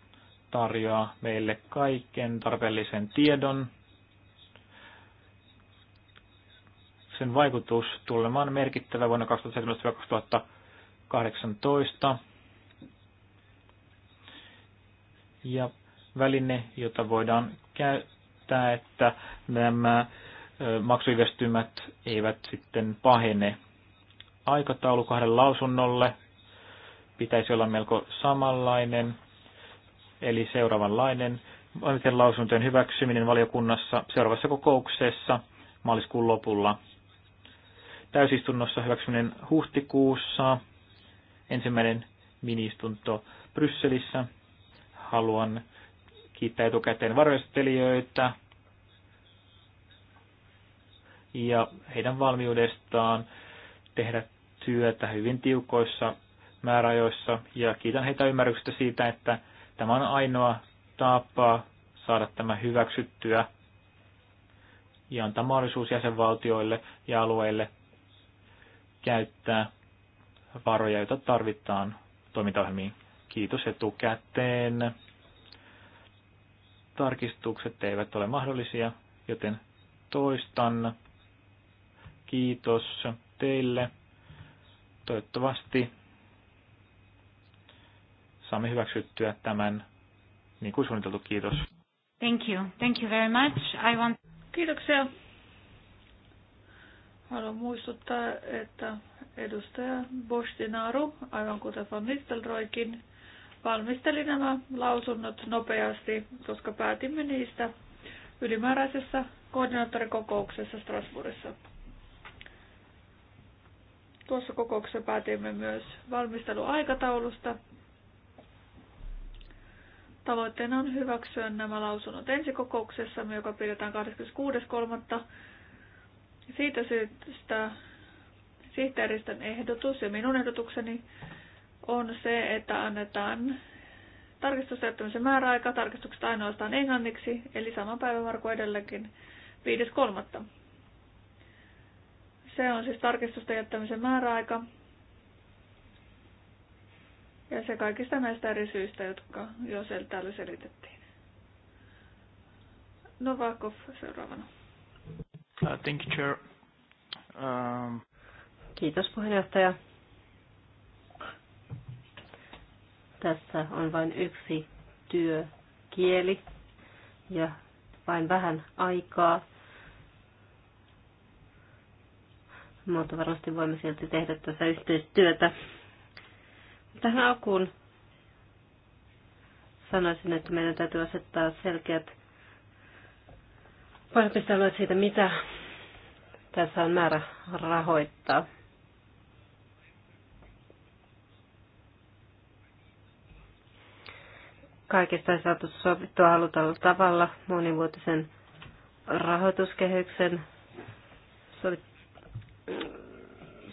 Speaker 2: tarjoaa meille kaiken tarpeellisen tiedon. Sen vaikutus tulemaan merkittävä vuonna 2017-2018. Ja väline, jota voidaan käyttää, että nämä maksuivestymät eivät sitten pahene. Aikataulu kahden lausunnolle pitäisi olla melko samanlainen, eli seuraavanlainen. Valmisten lausuntojen hyväksyminen valiokunnassa seuraavassa kokouksessa maaliskuun lopulla. Täysistunnossa hyväksyminen huhtikuussa. Ensimmäinen ministunto Brysselissä. Haluan kiittää etukäteen varoistelijöitä ja heidän valmiudestaan tehdä työtä hyvin tiukoissa määräajoissa. Ja kiitän heitä ymmärryksestä siitä, että tämä on ainoa tapa saada tämä hyväksyttyä ja antaa mahdollisuus jäsenvaltioille ja alueille käyttää varoja, joita tarvitaan toimintaohjelmiin. Kiitos etukäteen tarkistukset eivät ole mahdollisia, joten toistan. Kiitos teille. Toivottavasti saamme hyväksyttyä tämän niin kuin suunniteltu. Kiitos.
Speaker 1: Thank you. Thank you very much. I want... Kiitoksia. Haluan
Speaker 3: muistuttaa, että edustaja Bostinaru, aivan kuten Van nistelroikin valmisteli nämä lausunnot nopeasti, koska päätimme niistä ylimääräisessä koordinaattorikokouksessa Strasbourgissa. Tuossa kokouksessa päätimme myös valmisteluaikataulusta. Tavoitteena on hyväksyä nämä lausunnot ensikokouksessa, joka pidetään 26.3. Siitä syystä sihteeristön ehdotus ja minun ehdotukseni on se, että annetaan tarkistusjättämisen määräaika tarkistukset ainoastaan englanniksi, eli sama päivämarko edelläkin 5.3. Se on siis tarkistusten jättämisen määräaika. Ja se kaikista näistä eri syistä, jotka jo täällä selitettiin. Novakov seuraavana.
Speaker 5: Uh, thank you, chair. Um... Kiitos puheenjohtaja. Tässä on vain yksi työkieli ja vain vähän aikaa. Mutta varmasti voimme silti tehdä tässä yhteistyötä. Tähän alkuun sanoisin, että meidän täytyy asettaa selkeät painopistealueet siitä, mitä tässä on määrä rahoittaa. Kaikesta ei saatu sovittua halutalla tavalla monivuotisen rahoituskehyksen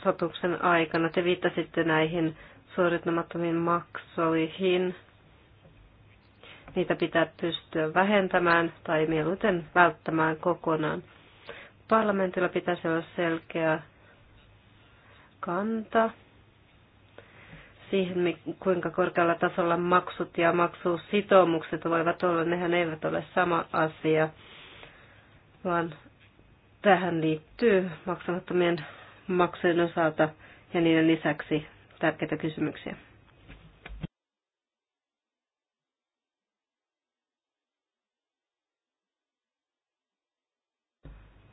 Speaker 5: sotuksen aikana. Te viittasitte näihin suorittamattomiin maksoihin Niitä pitää pystyä vähentämään tai mieluiten välttämään kokonaan. Parlamentilla pitäisi olla selkeä kanta siihen, kuinka korkealla tasolla maksut ja maksusitoumukset voivat olla. Nehän eivät ole sama asia, vaan tähän liittyy maksamattomien maksujen osalta ja niiden lisäksi tärkeitä kysymyksiä.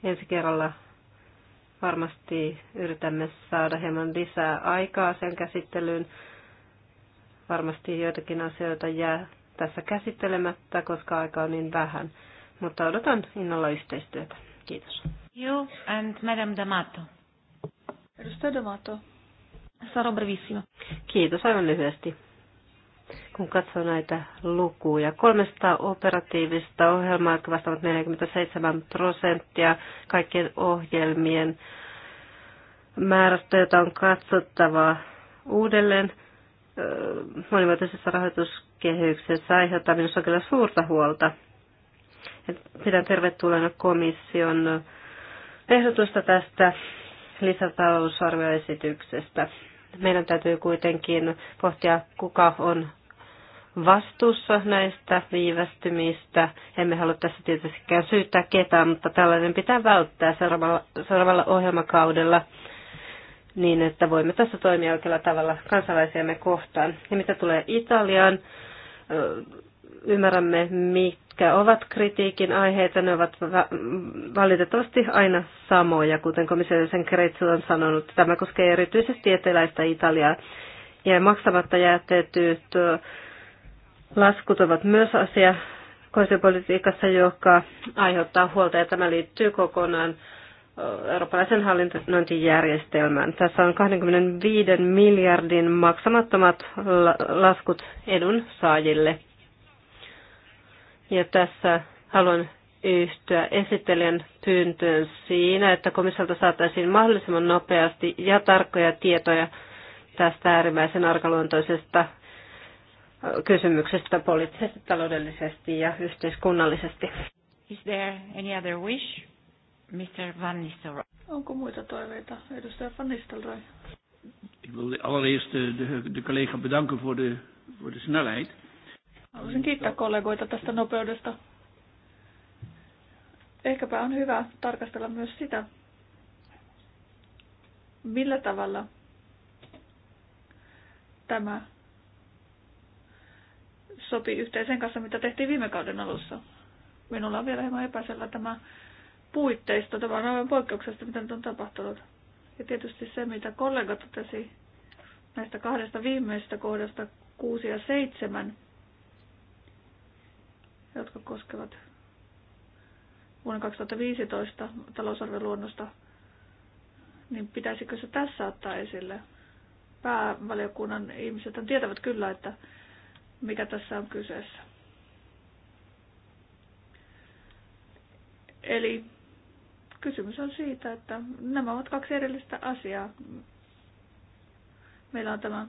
Speaker 5: Ensi kerralla Varmasti yritämme saada hieman lisää aikaa sen käsittelyyn. Varmasti joitakin asioita jää tässä käsittelemättä, koska aika on niin vähän. Mutta odotan innolla yhteistyötä. Kiitos.
Speaker 1: You and Madame D'Amato. Edustaja D'Amato. Sarò brevissimo.
Speaker 5: Kiitos, aivan lyhyesti kun katsoo näitä lukuja. 300 operatiivista ohjelmaa, jotka vastaavat 47 prosenttia kaikkien ohjelmien määrästä, jota on katsottava uudelleen monimuotoisessa rahoituskehyksessä aiheuttaa minusta kyllä suurta huolta. Pidän tervetulleena komission ehdotusta tästä lisätalousarvioesityksestä. Meidän täytyy kuitenkin pohtia, kuka on vastuussa näistä viivästymistä. Emme halua tässä tietysti syyttää ketään, mutta tällainen pitää välttää seuraavalla, seuraavalla ohjelmakaudella niin, että voimme tässä toimia oikealla tavalla kansalaisiamme kohtaan. Ja mitä tulee Italiaan, ymmärrämme, mitkä ovat kritiikin aiheita. Ne ovat valitettavasti aina samoja, kuten komissiollisen Kretsu on sanonut. Tämä koskee erityisesti eteläistä Italiaa. Ja maksamatta jäätetyt Laskut ovat myös asia koesiopolitiikassa, joka aiheuttaa huolta ja tämä liittyy kokonaan eurooppalaisen hallinnointijärjestelmään. Tässä on 25 miljardin maksamattomat laskut edun saajille. Ja tässä haluan yhtyä esittelijän pyyntöön siinä, että komissiolta saataisiin mahdollisimman nopeasti ja tarkkoja tietoja tästä äärimmäisen arkaluontoisesta kysymyksestä poliittisesti, taloudellisesti ja yhteiskunnallisesti.
Speaker 1: Is there any other wish, Mr. Van Nistelrooy? Onko muita toiveita, edustaja Van Nistelrooy?
Speaker 4: Ik wil allereerst de, de, de collega bedanken voor de, voor de snelheid.
Speaker 3: Haluaisin kiittää kollegoita tästä nopeudesta. Ehkäpä on hyvä tarkastella myös sitä, millä tavalla tämä sopii yhteen sen kanssa, mitä tehtiin viime kauden alussa. Minulla on vielä hieman epäsellä tämä puitteisto, tämä on aivan poikkeuksesta, mitä nyt on tapahtunut. Ja tietysti se, mitä kollega totesi näistä kahdesta viimeisestä kohdasta, kuusi ja seitsemän, jotka koskevat vuonna 2015 talousarvioluonnosta, niin pitäisikö se tässä ottaa esille? Päävaliokunnan ihmiset tietävät kyllä, että mikä tässä on kyseessä. Eli kysymys on siitä, että nämä ovat kaksi erillistä asiaa. Meillä on tämä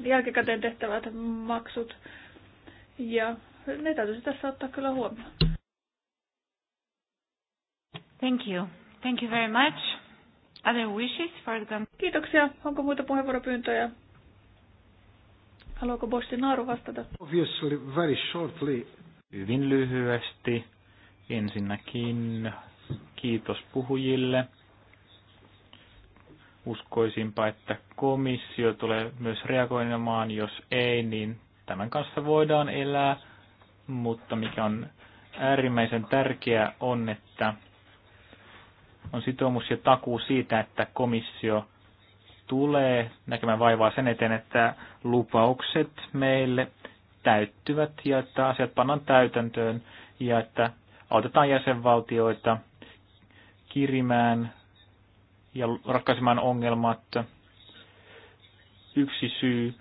Speaker 3: jälkikäteen tehtävät maksut ja ne täytyisi tässä ottaa kyllä huomioon.
Speaker 1: Thank you. Thank you very much. Other wishes for the Kiitoksia. Onko muita puheenvuoropyyntöjä? Haluaako
Speaker 3: Bosti Naaru vastata?
Speaker 2: Obviously, very shortly. Hyvin lyhyesti. Ensinnäkin kiitos puhujille. Uskoisinpa, että komissio tulee myös reagoimaan. Jos ei, niin tämän kanssa voidaan elää. Mutta mikä on äärimmäisen tärkeää on, että on sitoumus ja takuu siitä, että komissio tulee näkemään vaivaa sen eteen, että lupaukset meille täyttyvät ja että asiat pannaan täytäntöön ja että autetaan jäsenvaltioita kirimään ja ratkaisemaan ongelmat. Yksi syy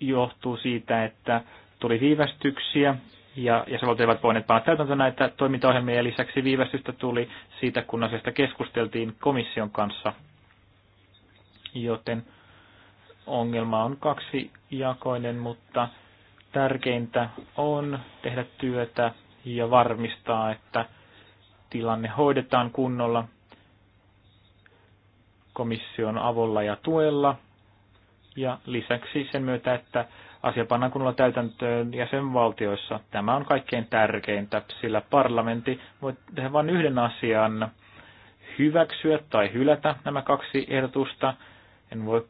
Speaker 2: johtuu siitä, että tuli viivästyksiä ja jäsenvaltiot eivät voineet panna täytäntöön näitä toimintaohjelmia ja lisäksi viivästystä tuli siitä, kun asiasta keskusteltiin komission kanssa joten ongelma on kaksijakoinen, mutta tärkeintä on tehdä työtä ja varmistaa, että tilanne hoidetaan kunnolla komission avulla ja tuella. Ja lisäksi sen myötä, että asia pannaan kunnolla täytäntöön jäsenvaltioissa. Tämä on kaikkein tärkeintä, sillä parlamentti voi tehdä vain yhden asian, hyväksyä tai hylätä nämä kaksi ehdotusta, en voi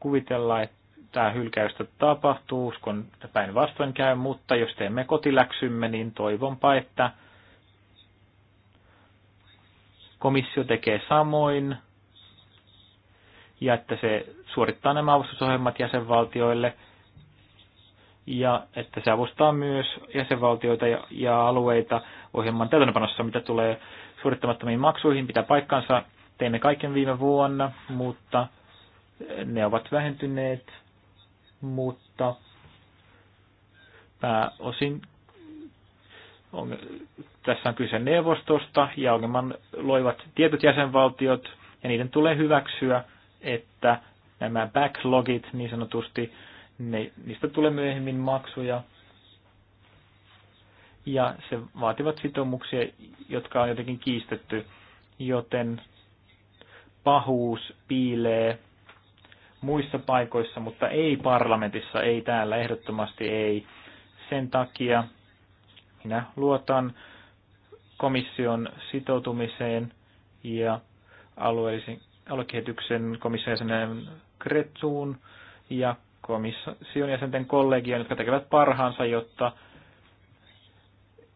Speaker 2: kuvitella, että hylkäystä tapahtuu, uskon, että päinvastoin käy, mutta jos teemme kotiläksymme, niin toivonpa, että komissio tekee samoin ja että se suorittaa nämä avustusohjelmat jäsenvaltioille ja että se avustaa myös jäsenvaltioita ja, ja alueita ohjelman täytäntöpanossa, mitä tulee suorittamattomiin maksuihin, pitää paikkansa. Teimme kaiken viime vuonna, mutta ne ovat vähentyneet, mutta pääosin on, tässä on kyse neuvostosta ja ongelman loivat tietyt jäsenvaltiot ja niiden tulee hyväksyä, että nämä backlogit niin sanotusti, ne, niistä tulee myöhemmin maksuja ja se vaativat sitoumuksia, jotka on jotenkin kiistetty, joten pahuus piilee muissa paikoissa, mutta ei parlamentissa, ei täällä, ehdottomasti ei. Sen takia minä luotan komission sitoutumiseen ja alueellisen aluekehityksen komission jäsenen Kretsuun ja komission jäsenten kollegioon, jotka tekevät parhaansa, jotta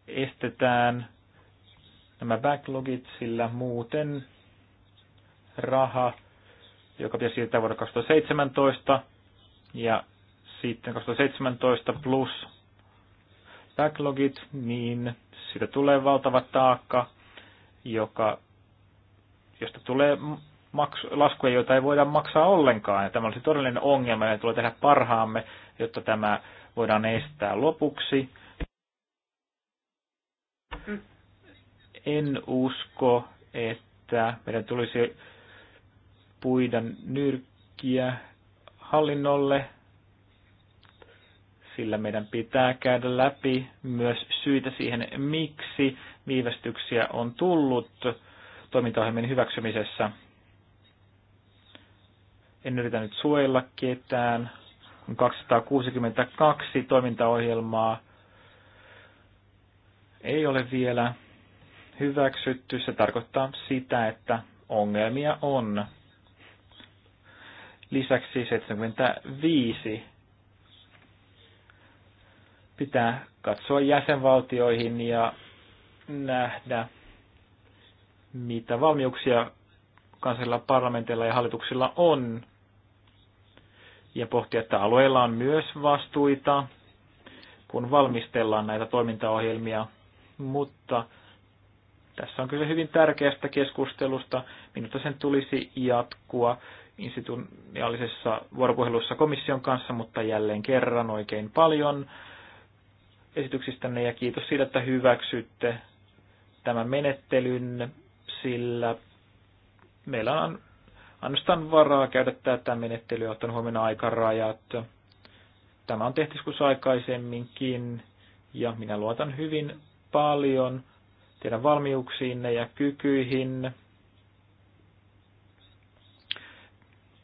Speaker 2: estetään nämä backlogit, sillä muuten raha joka pitäisi siirtää vuonna 2017, ja sitten 2017 plus backlogit, niin siitä tulee valtava taakka, joka, josta tulee maksu, laskuja, joita ei voida maksaa ollenkaan. Ja tämä olisi todellinen ongelma, ja tulee tehdä parhaamme, jotta tämä voidaan estää lopuksi. Mm. En usko, että meidän tulisi puida nyrkkiä hallinnolle, sillä meidän pitää käydä läpi myös syitä siihen, miksi viivästyksiä on tullut toimintaohjelmien hyväksymisessä. En yritä nyt suojella ketään. On 262 toimintaohjelmaa. Ei ole vielä hyväksytty. Se tarkoittaa sitä, että ongelmia on. Lisäksi 75 pitää katsoa jäsenvaltioihin ja nähdä, mitä valmiuksia kansallisilla parlamenteilla ja hallituksilla on. Ja pohtia, että alueilla on myös vastuita, kun valmistellaan näitä toimintaohjelmia. Mutta tässä on kyse hyvin tärkeästä keskustelusta. Minusta sen tulisi jatkua institutionaalisessa vuoropuhelussa komission kanssa, mutta jälleen kerran oikein paljon esityksistänne ja kiitos siitä, että hyväksytte tämän menettelyn, sillä meillä on ainoastaan varaa käydä tätä menettelyä, ottaen huomenna aikarajat. Tämä on tehty joskus aikaisemminkin ja minä luotan hyvin paljon teidän valmiuksiinne ja kykyihin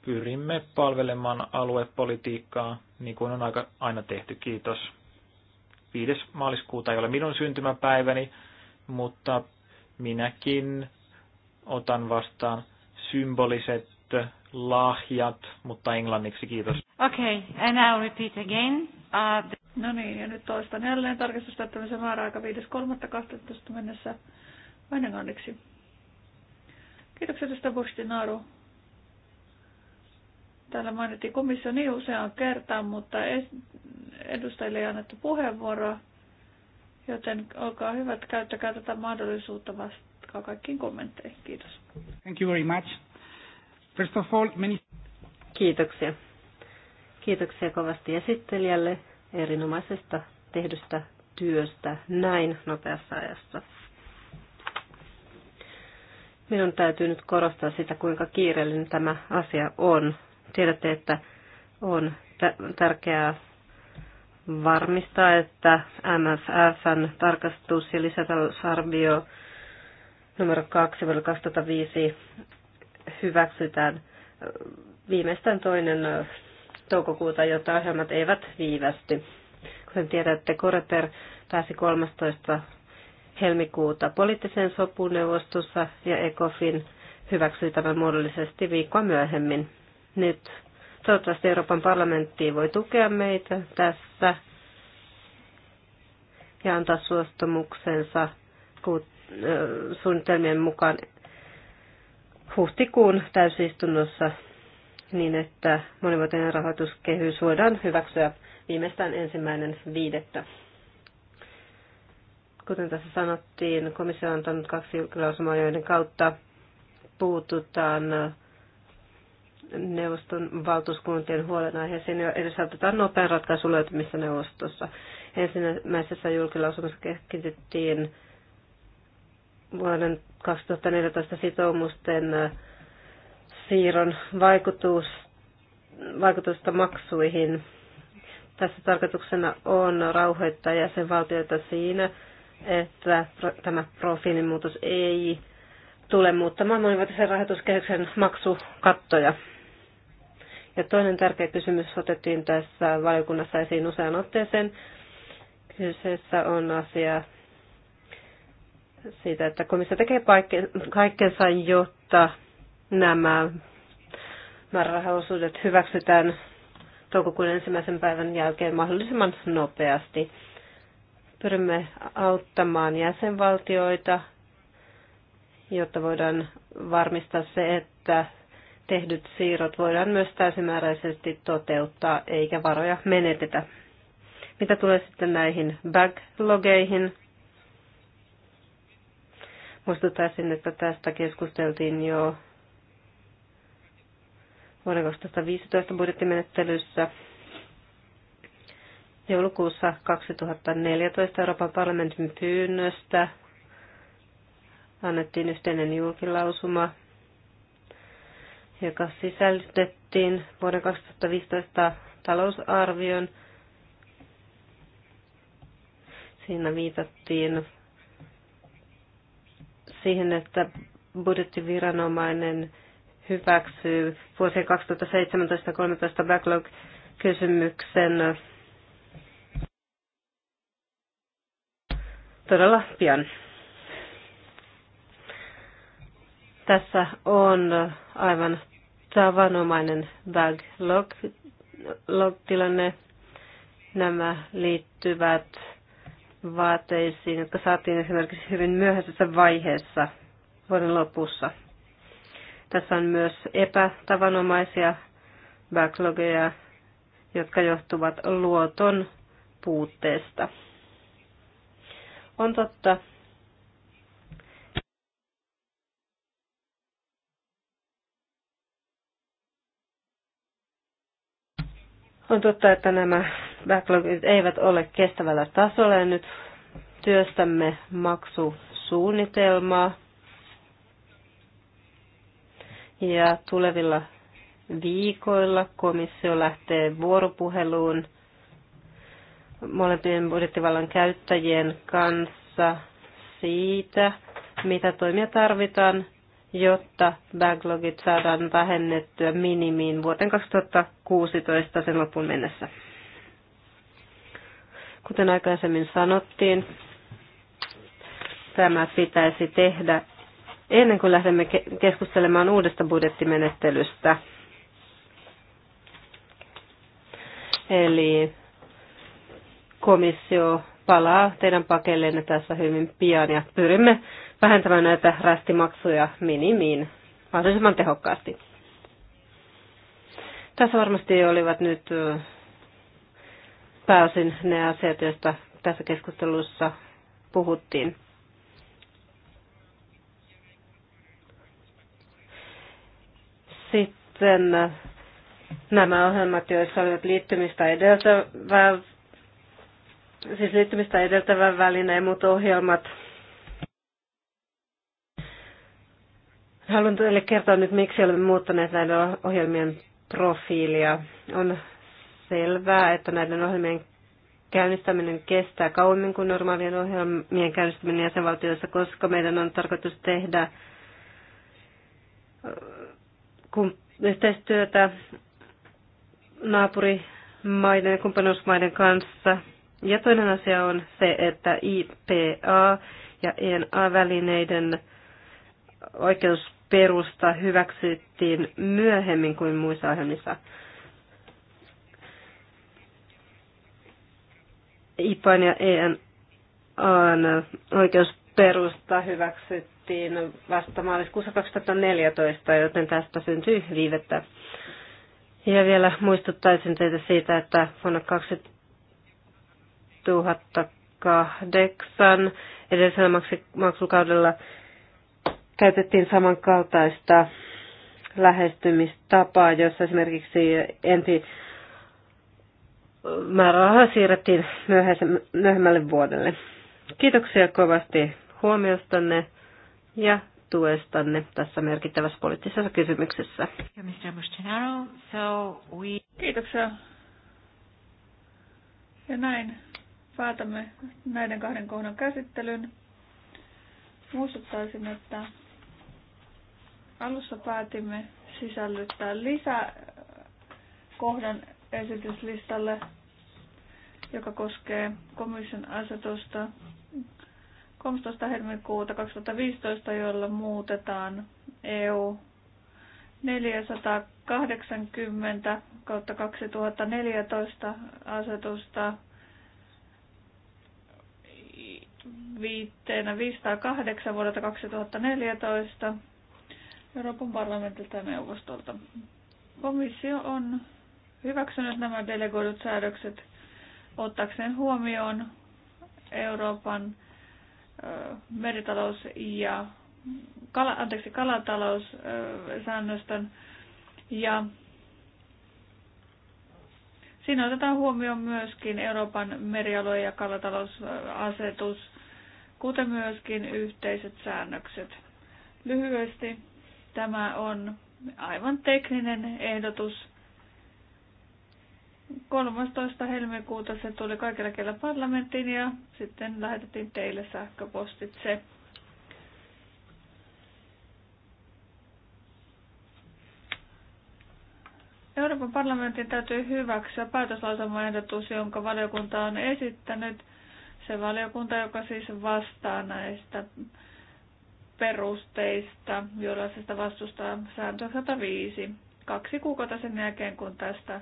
Speaker 2: pyrimme palvelemaan aluepolitiikkaa niin kuin on aika, aina tehty. Kiitos. 5. maaliskuuta ei ole minun syntymäpäiväni, mutta minäkin otan vastaan symboliset lahjat, mutta englanniksi kiitos.
Speaker 1: Okay, and I'll repeat again.
Speaker 3: Uh, the... No niin, ja nyt toistan jälleen tarkistustaittamiseen määräaika 5.3.12 mennessä vain englanniksi. Kiitoksia tästä Bustinaru. Täällä mainittiin komissio niin useaan kertaan, mutta edustajille ei annettu puheenvuoroa, joten olkaa hyvät, käyttäkää tätä mahdollisuutta vastaan kaikkiin kommentteihin. Kiitos.
Speaker 5: Thank you very much. First of all, many... Kiitoksia. Kiitoksia kovasti esittelijälle erinomaisesta tehdystä työstä näin nopeassa ajassa. Minun täytyy nyt korostaa sitä, kuinka kiireellinen tämä asia on. Tiedätte, että on tärkeää varmistaa, että MFFn tarkastus ja lisätalousarvio numero 2 vuonna 2005 hyväksytään äh, viimeistään toinen äh, toukokuuta, jotta ohjelmat eivät viivästy. Kuten tiedätte, Koreper pääsi 13. helmikuuta poliittiseen sopuneuvostossa ja ECOFIN hyväksyi tämän muodollisesti viikkoa myöhemmin nyt. Toivottavasti Euroopan parlamentti voi tukea meitä tässä ja antaa suostumuksensa suunnitelmien mukaan huhtikuun täysistunnossa niin, että monivuotinen rahoituskehys voidaan hyväksyä viimeistään ensimmäinen viidettä. Kuten tässä sanottiin, komissio on antanut kaksi lausumaa, joiden kautta puututaan neuvoston valtuuskuntien huolenaiheeseen ja edesautetaan nopean ratkaisun löytämistä neuvostossa. Ensimmäisessä julkilausumassa keskityttiin vuoden 2014 sitoumusten äh, siirron vaikutus, vaikutusta maksuihin. Tässä tarkoituksena on rauhoittaa jäsenvaltioita siinä, että tämä profiilin muutos ei tule muuttamaan monivuotisen rahoituskehyksen maksukattoja. Ja toinen tärkeä kysymys otettiin tässä valiokunnassa esiin usean otteeseen. Kyseessä on asia siitä, että komissio tekee kaikkensa, jotta nämä määrärahaosuudet hyväksytään toukokuun ensimmäisen päivän jälkeen mahdollisimman nopeasti. Pyrimme auttamaan jäsenvaltioita, jotta voidaan varmistaa se, että tehdyt siirrot voidaan myös täysimääräisesti toteuttaa eikä varoja menetetä. Mitä tulee sitten näihin backlogeihin? Muistuttaisin, että tästä keskusteltiin jo vuoden 2015 budjettimenettelyssä. Joulukuussa 2014 Euroopan parlamentin pyynnöstä annettiin yhteinen julkilausuma joka sisällytettiin vuoden 2015 talousarvion. Siinä viitattiin siihen, että budjettiviranomainen hyväksyy vuosien 2017-2013 backlog-kysymyksen todella pian. Tässä on aivan tavanomainen backlog-tilanne. Nämä liittyvät vaateisiin, jotka saatiin esimerkiksi hyvin myöhäisessä vaiheessa vuoden lopussa. Tässä on myös epätavanomaisia backlogeja, jotka johtuvat luoton puutteesta. On totta, On totta, että nämä backlogit eivät ole kestävällä tasolla ja nyt työstämme maksusuunnitelmaa. Ja tulevilla viikoilla komissio lähtee vuoropuheluun molempien budjettivallan käyttäjien kanssa siitä, mitä toimia tarvitaan, jotta backlogit saadaan vähennettyä minimiin vuoteen 2016 sen lopun mennessä. Kuten aikaisemmin sanottiin, tämä pitäisi tehdä ennen kuin lähdemme keskustelemaan uudesta budjettimenettelystä. Eli komissio palaa teidän pakelleenne tässä hyvin pian ja pyrimme vähentämään näitä rästimaksuja minimiin mahdollisimman tehokkaasti. Tässä varmasti olivat nyt pääosin ne asiat, joista tässä keskustelussa puhuttiin. Sitten nämä ohjelmat, joissa olivat liittymistä edeltävää siis liittymistä edeltävän välineen muut ohjelmat. Haluan teille kertoa nyt, miksi olemme muuttaneet näiden ohjelmien profiilia. On selvää, että näiden ohjelmien käynnistäminen kestää kauemmin kuin normaalien ohjelmien käynnistäminen jäsenvaltioissa, koska meidän on tarkoitus tehdä äh, yhteistyötä naapurimaiden ja kumppanuusmaiden kanssa – ja toinen asia on se, että IPA ja ENA-välineiden oikeusperusta hyväksyttiin myöhemmin kuin muissa ohjelmissa. IPAN ja ENAn oikeusperusta hyväksyttiin vasta maaliskuussa 2014, joten tästä syntyy viivettä. Ja vielä muistuttaisin teitä siitä, että vuonna 2000 2008 edellisellä maksukaudella käytettiin samankaltaista lähestymistapaa, jossa esimerkiksi enti määräraha siirrettiin myöhemmälle vuodelle. Kiitoksia kovasti huomiostanne ja tuestanne tässä merkittävässä poliittisessa kysymyksessä.
Speaker 1: Kiitoksia.
Speaker 3: Ja näin päätämme näiden kahden kohdan käsittelyn. Muistuttaisin, että alussa päätimme sisällyttää lisäkohdan äh, esityslistalle, joka koskee komission asetusta 13. helmikuuta 2015, jolla muutetaan EU 480 kautta 2014 asetusta viitteenä 508 vuodelta 2014 Euroopan parlamentilta ja neuvostolta. Komissio on hyväksynyt nämä delegoidut säädökset ottaakseen huomioon Euroopan meritalous- ja kala, anteeksi, kalataloussäännöstön ja Siinä otetaan huomioon myöskin Euroopan merialue- ja kalatalousasetus kuten myöskin yhteiset säännökset. Lyhyesti tämä on aivan tekninen ehdotus. 13. helmikuuta se tuli kaikilla kellä parlamenttiin ja sitten lähetettiin teille sähköpostitse. Euroopan parlamentin täytyy hyväksyä päätöslausamaehdotus, jonka valiokunta on esittänyt – se valiokunta, joka siis vastaa näistä perusteista, sitä vastustaa sääntö 105, kaksi kuukautta sen jälkeen, kun tästä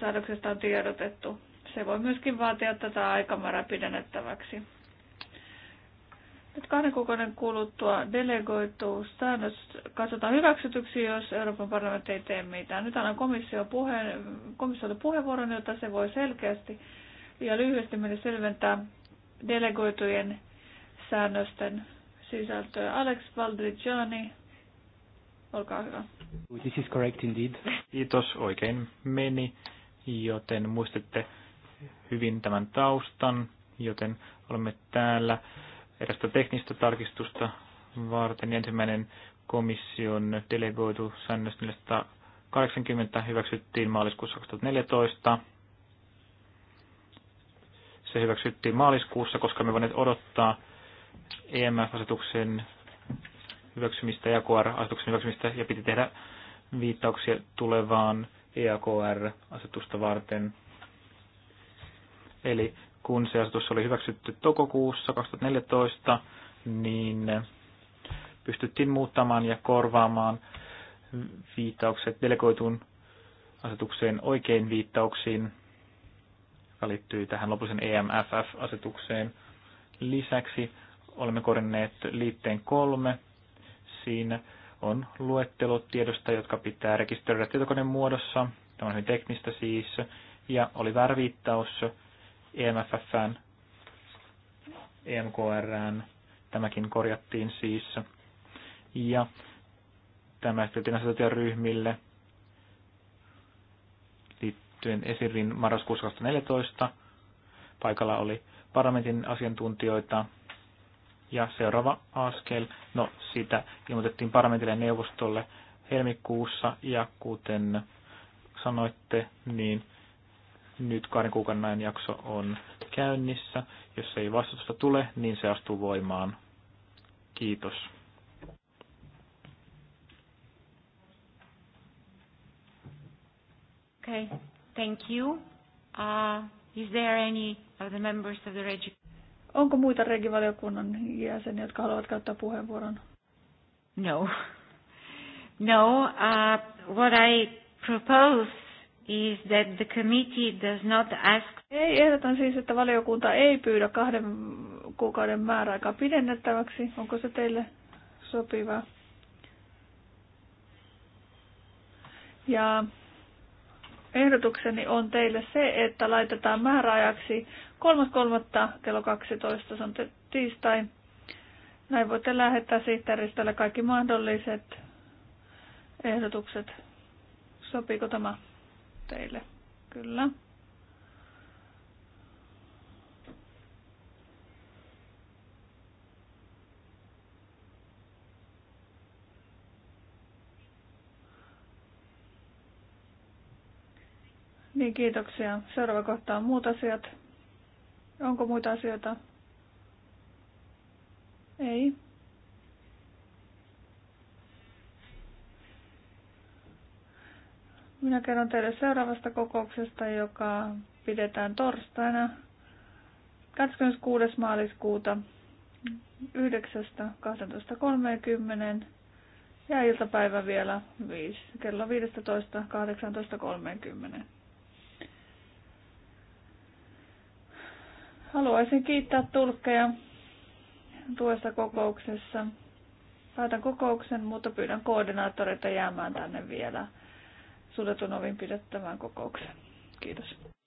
Speaker 3: säädöksestä on tiedotettu. Se voi myöskin vaatia tätä aikamäärää pidennettäväksi. Nyt kahden kuukauden kuluttua delegoitu säännös katsotaan hyväksytyksi, jos Euroopan parlamentti ei tee mitään. Nyt annan komissio puheen, komissiolle puheenvuoron, jota se voi selkeästi ja lyhyesti meille selventää delegoitujen säännösten sisältöä. Alex Valdrigiani, olkaa hyvä.
Speaker 2: This is correct indeed. Kiitos, oikein meni, joten muistatte hyvin tämän taustan, joten olemme täällä erästä teknistä tarkistusta varten. Ensimmäinen komission delegoitu säännös 480 hyväksyttiin maaliskuussa 2014. Se hyväksyttiin maaliskuussa, koska me voimme odottaa EMF-asetuksen hyväksymistä ja kr asetuksen hyväksymistä ja piti tehdä viittauksia tulevaan EAKR-asetusta varten. Eli kun se asetus oli hyväksytty toukokuussa 2014, niin pystyttiin muuttamaan ja korvaamaan viittaukset delegoitun asetukseen oikein viittauksiin joka liittyy tähän lopullisen EMFF-asetukseen. Lisäksi olemme korjanneet liitteen kolme. Siinä on luettelo tiedosta, jotka pitää rekisteröidä tietokoneen muodossa. Tämä on hyvin teknistä siis. Ja oli värviittaus EMFFään, EMKRn. Tämäkin korjattiin siis. Ja tämä asetettiin asiantuntijaryhmille liittyen Esirin marraskuussa 2014. Paikalla oli parlamentin asiantuntijoita ja seuraava askel, no sitä ilmoitettiin parlamentille ja neuvostolle helmikuussa ja kuten sanoitte, niin nyt kahden kuukauden ajan jakso on käynnissä. Jos ei vastustusta tule, niin se astuu voimaan. Kiitos.
Speaker 1: Okay. Thank you. Uh, is there any of the members of the regi-
Speaker 3: Onko muita regivaliokunnan jäseniä, jotka haluavat käyttää puheenvuoron?
Speaker 1: No. No, uh, what I propose is that the committee does not ask...
Speaker 3: Ei, ehdotan siis, että valiokunta ei pyydä kahden kuukauden määräaikaa pidennettäväksi. Onko se teille sopivaa? Ja Ehdotukseni on teille se, että laitetaan määräajaksi 3.3. kello 12, se on tiistai. Näin voitte lähettää sihteeristölle kaikki mahdolliset ehdotukset. Sopiiko tämä teille? Kyllä. Niin, kiitoksia. Seuraava kohta on muut asiat. Onko muita asioita? Ei. Minä kerron teille seuraavasta kokouksesta, joka pidetään torstaina 26. maaliskuuta 9.12.30 ja iltapäivä vielä 5, kello 15.18.30. Haluaisin kiittää tulkkeja tuossa kokouksessa. Päätän kokouksen, mutta pyydän koordinaattoreita jäämään tänne vielä suljetun ovin pidettävään kokoukseen. Kiitos.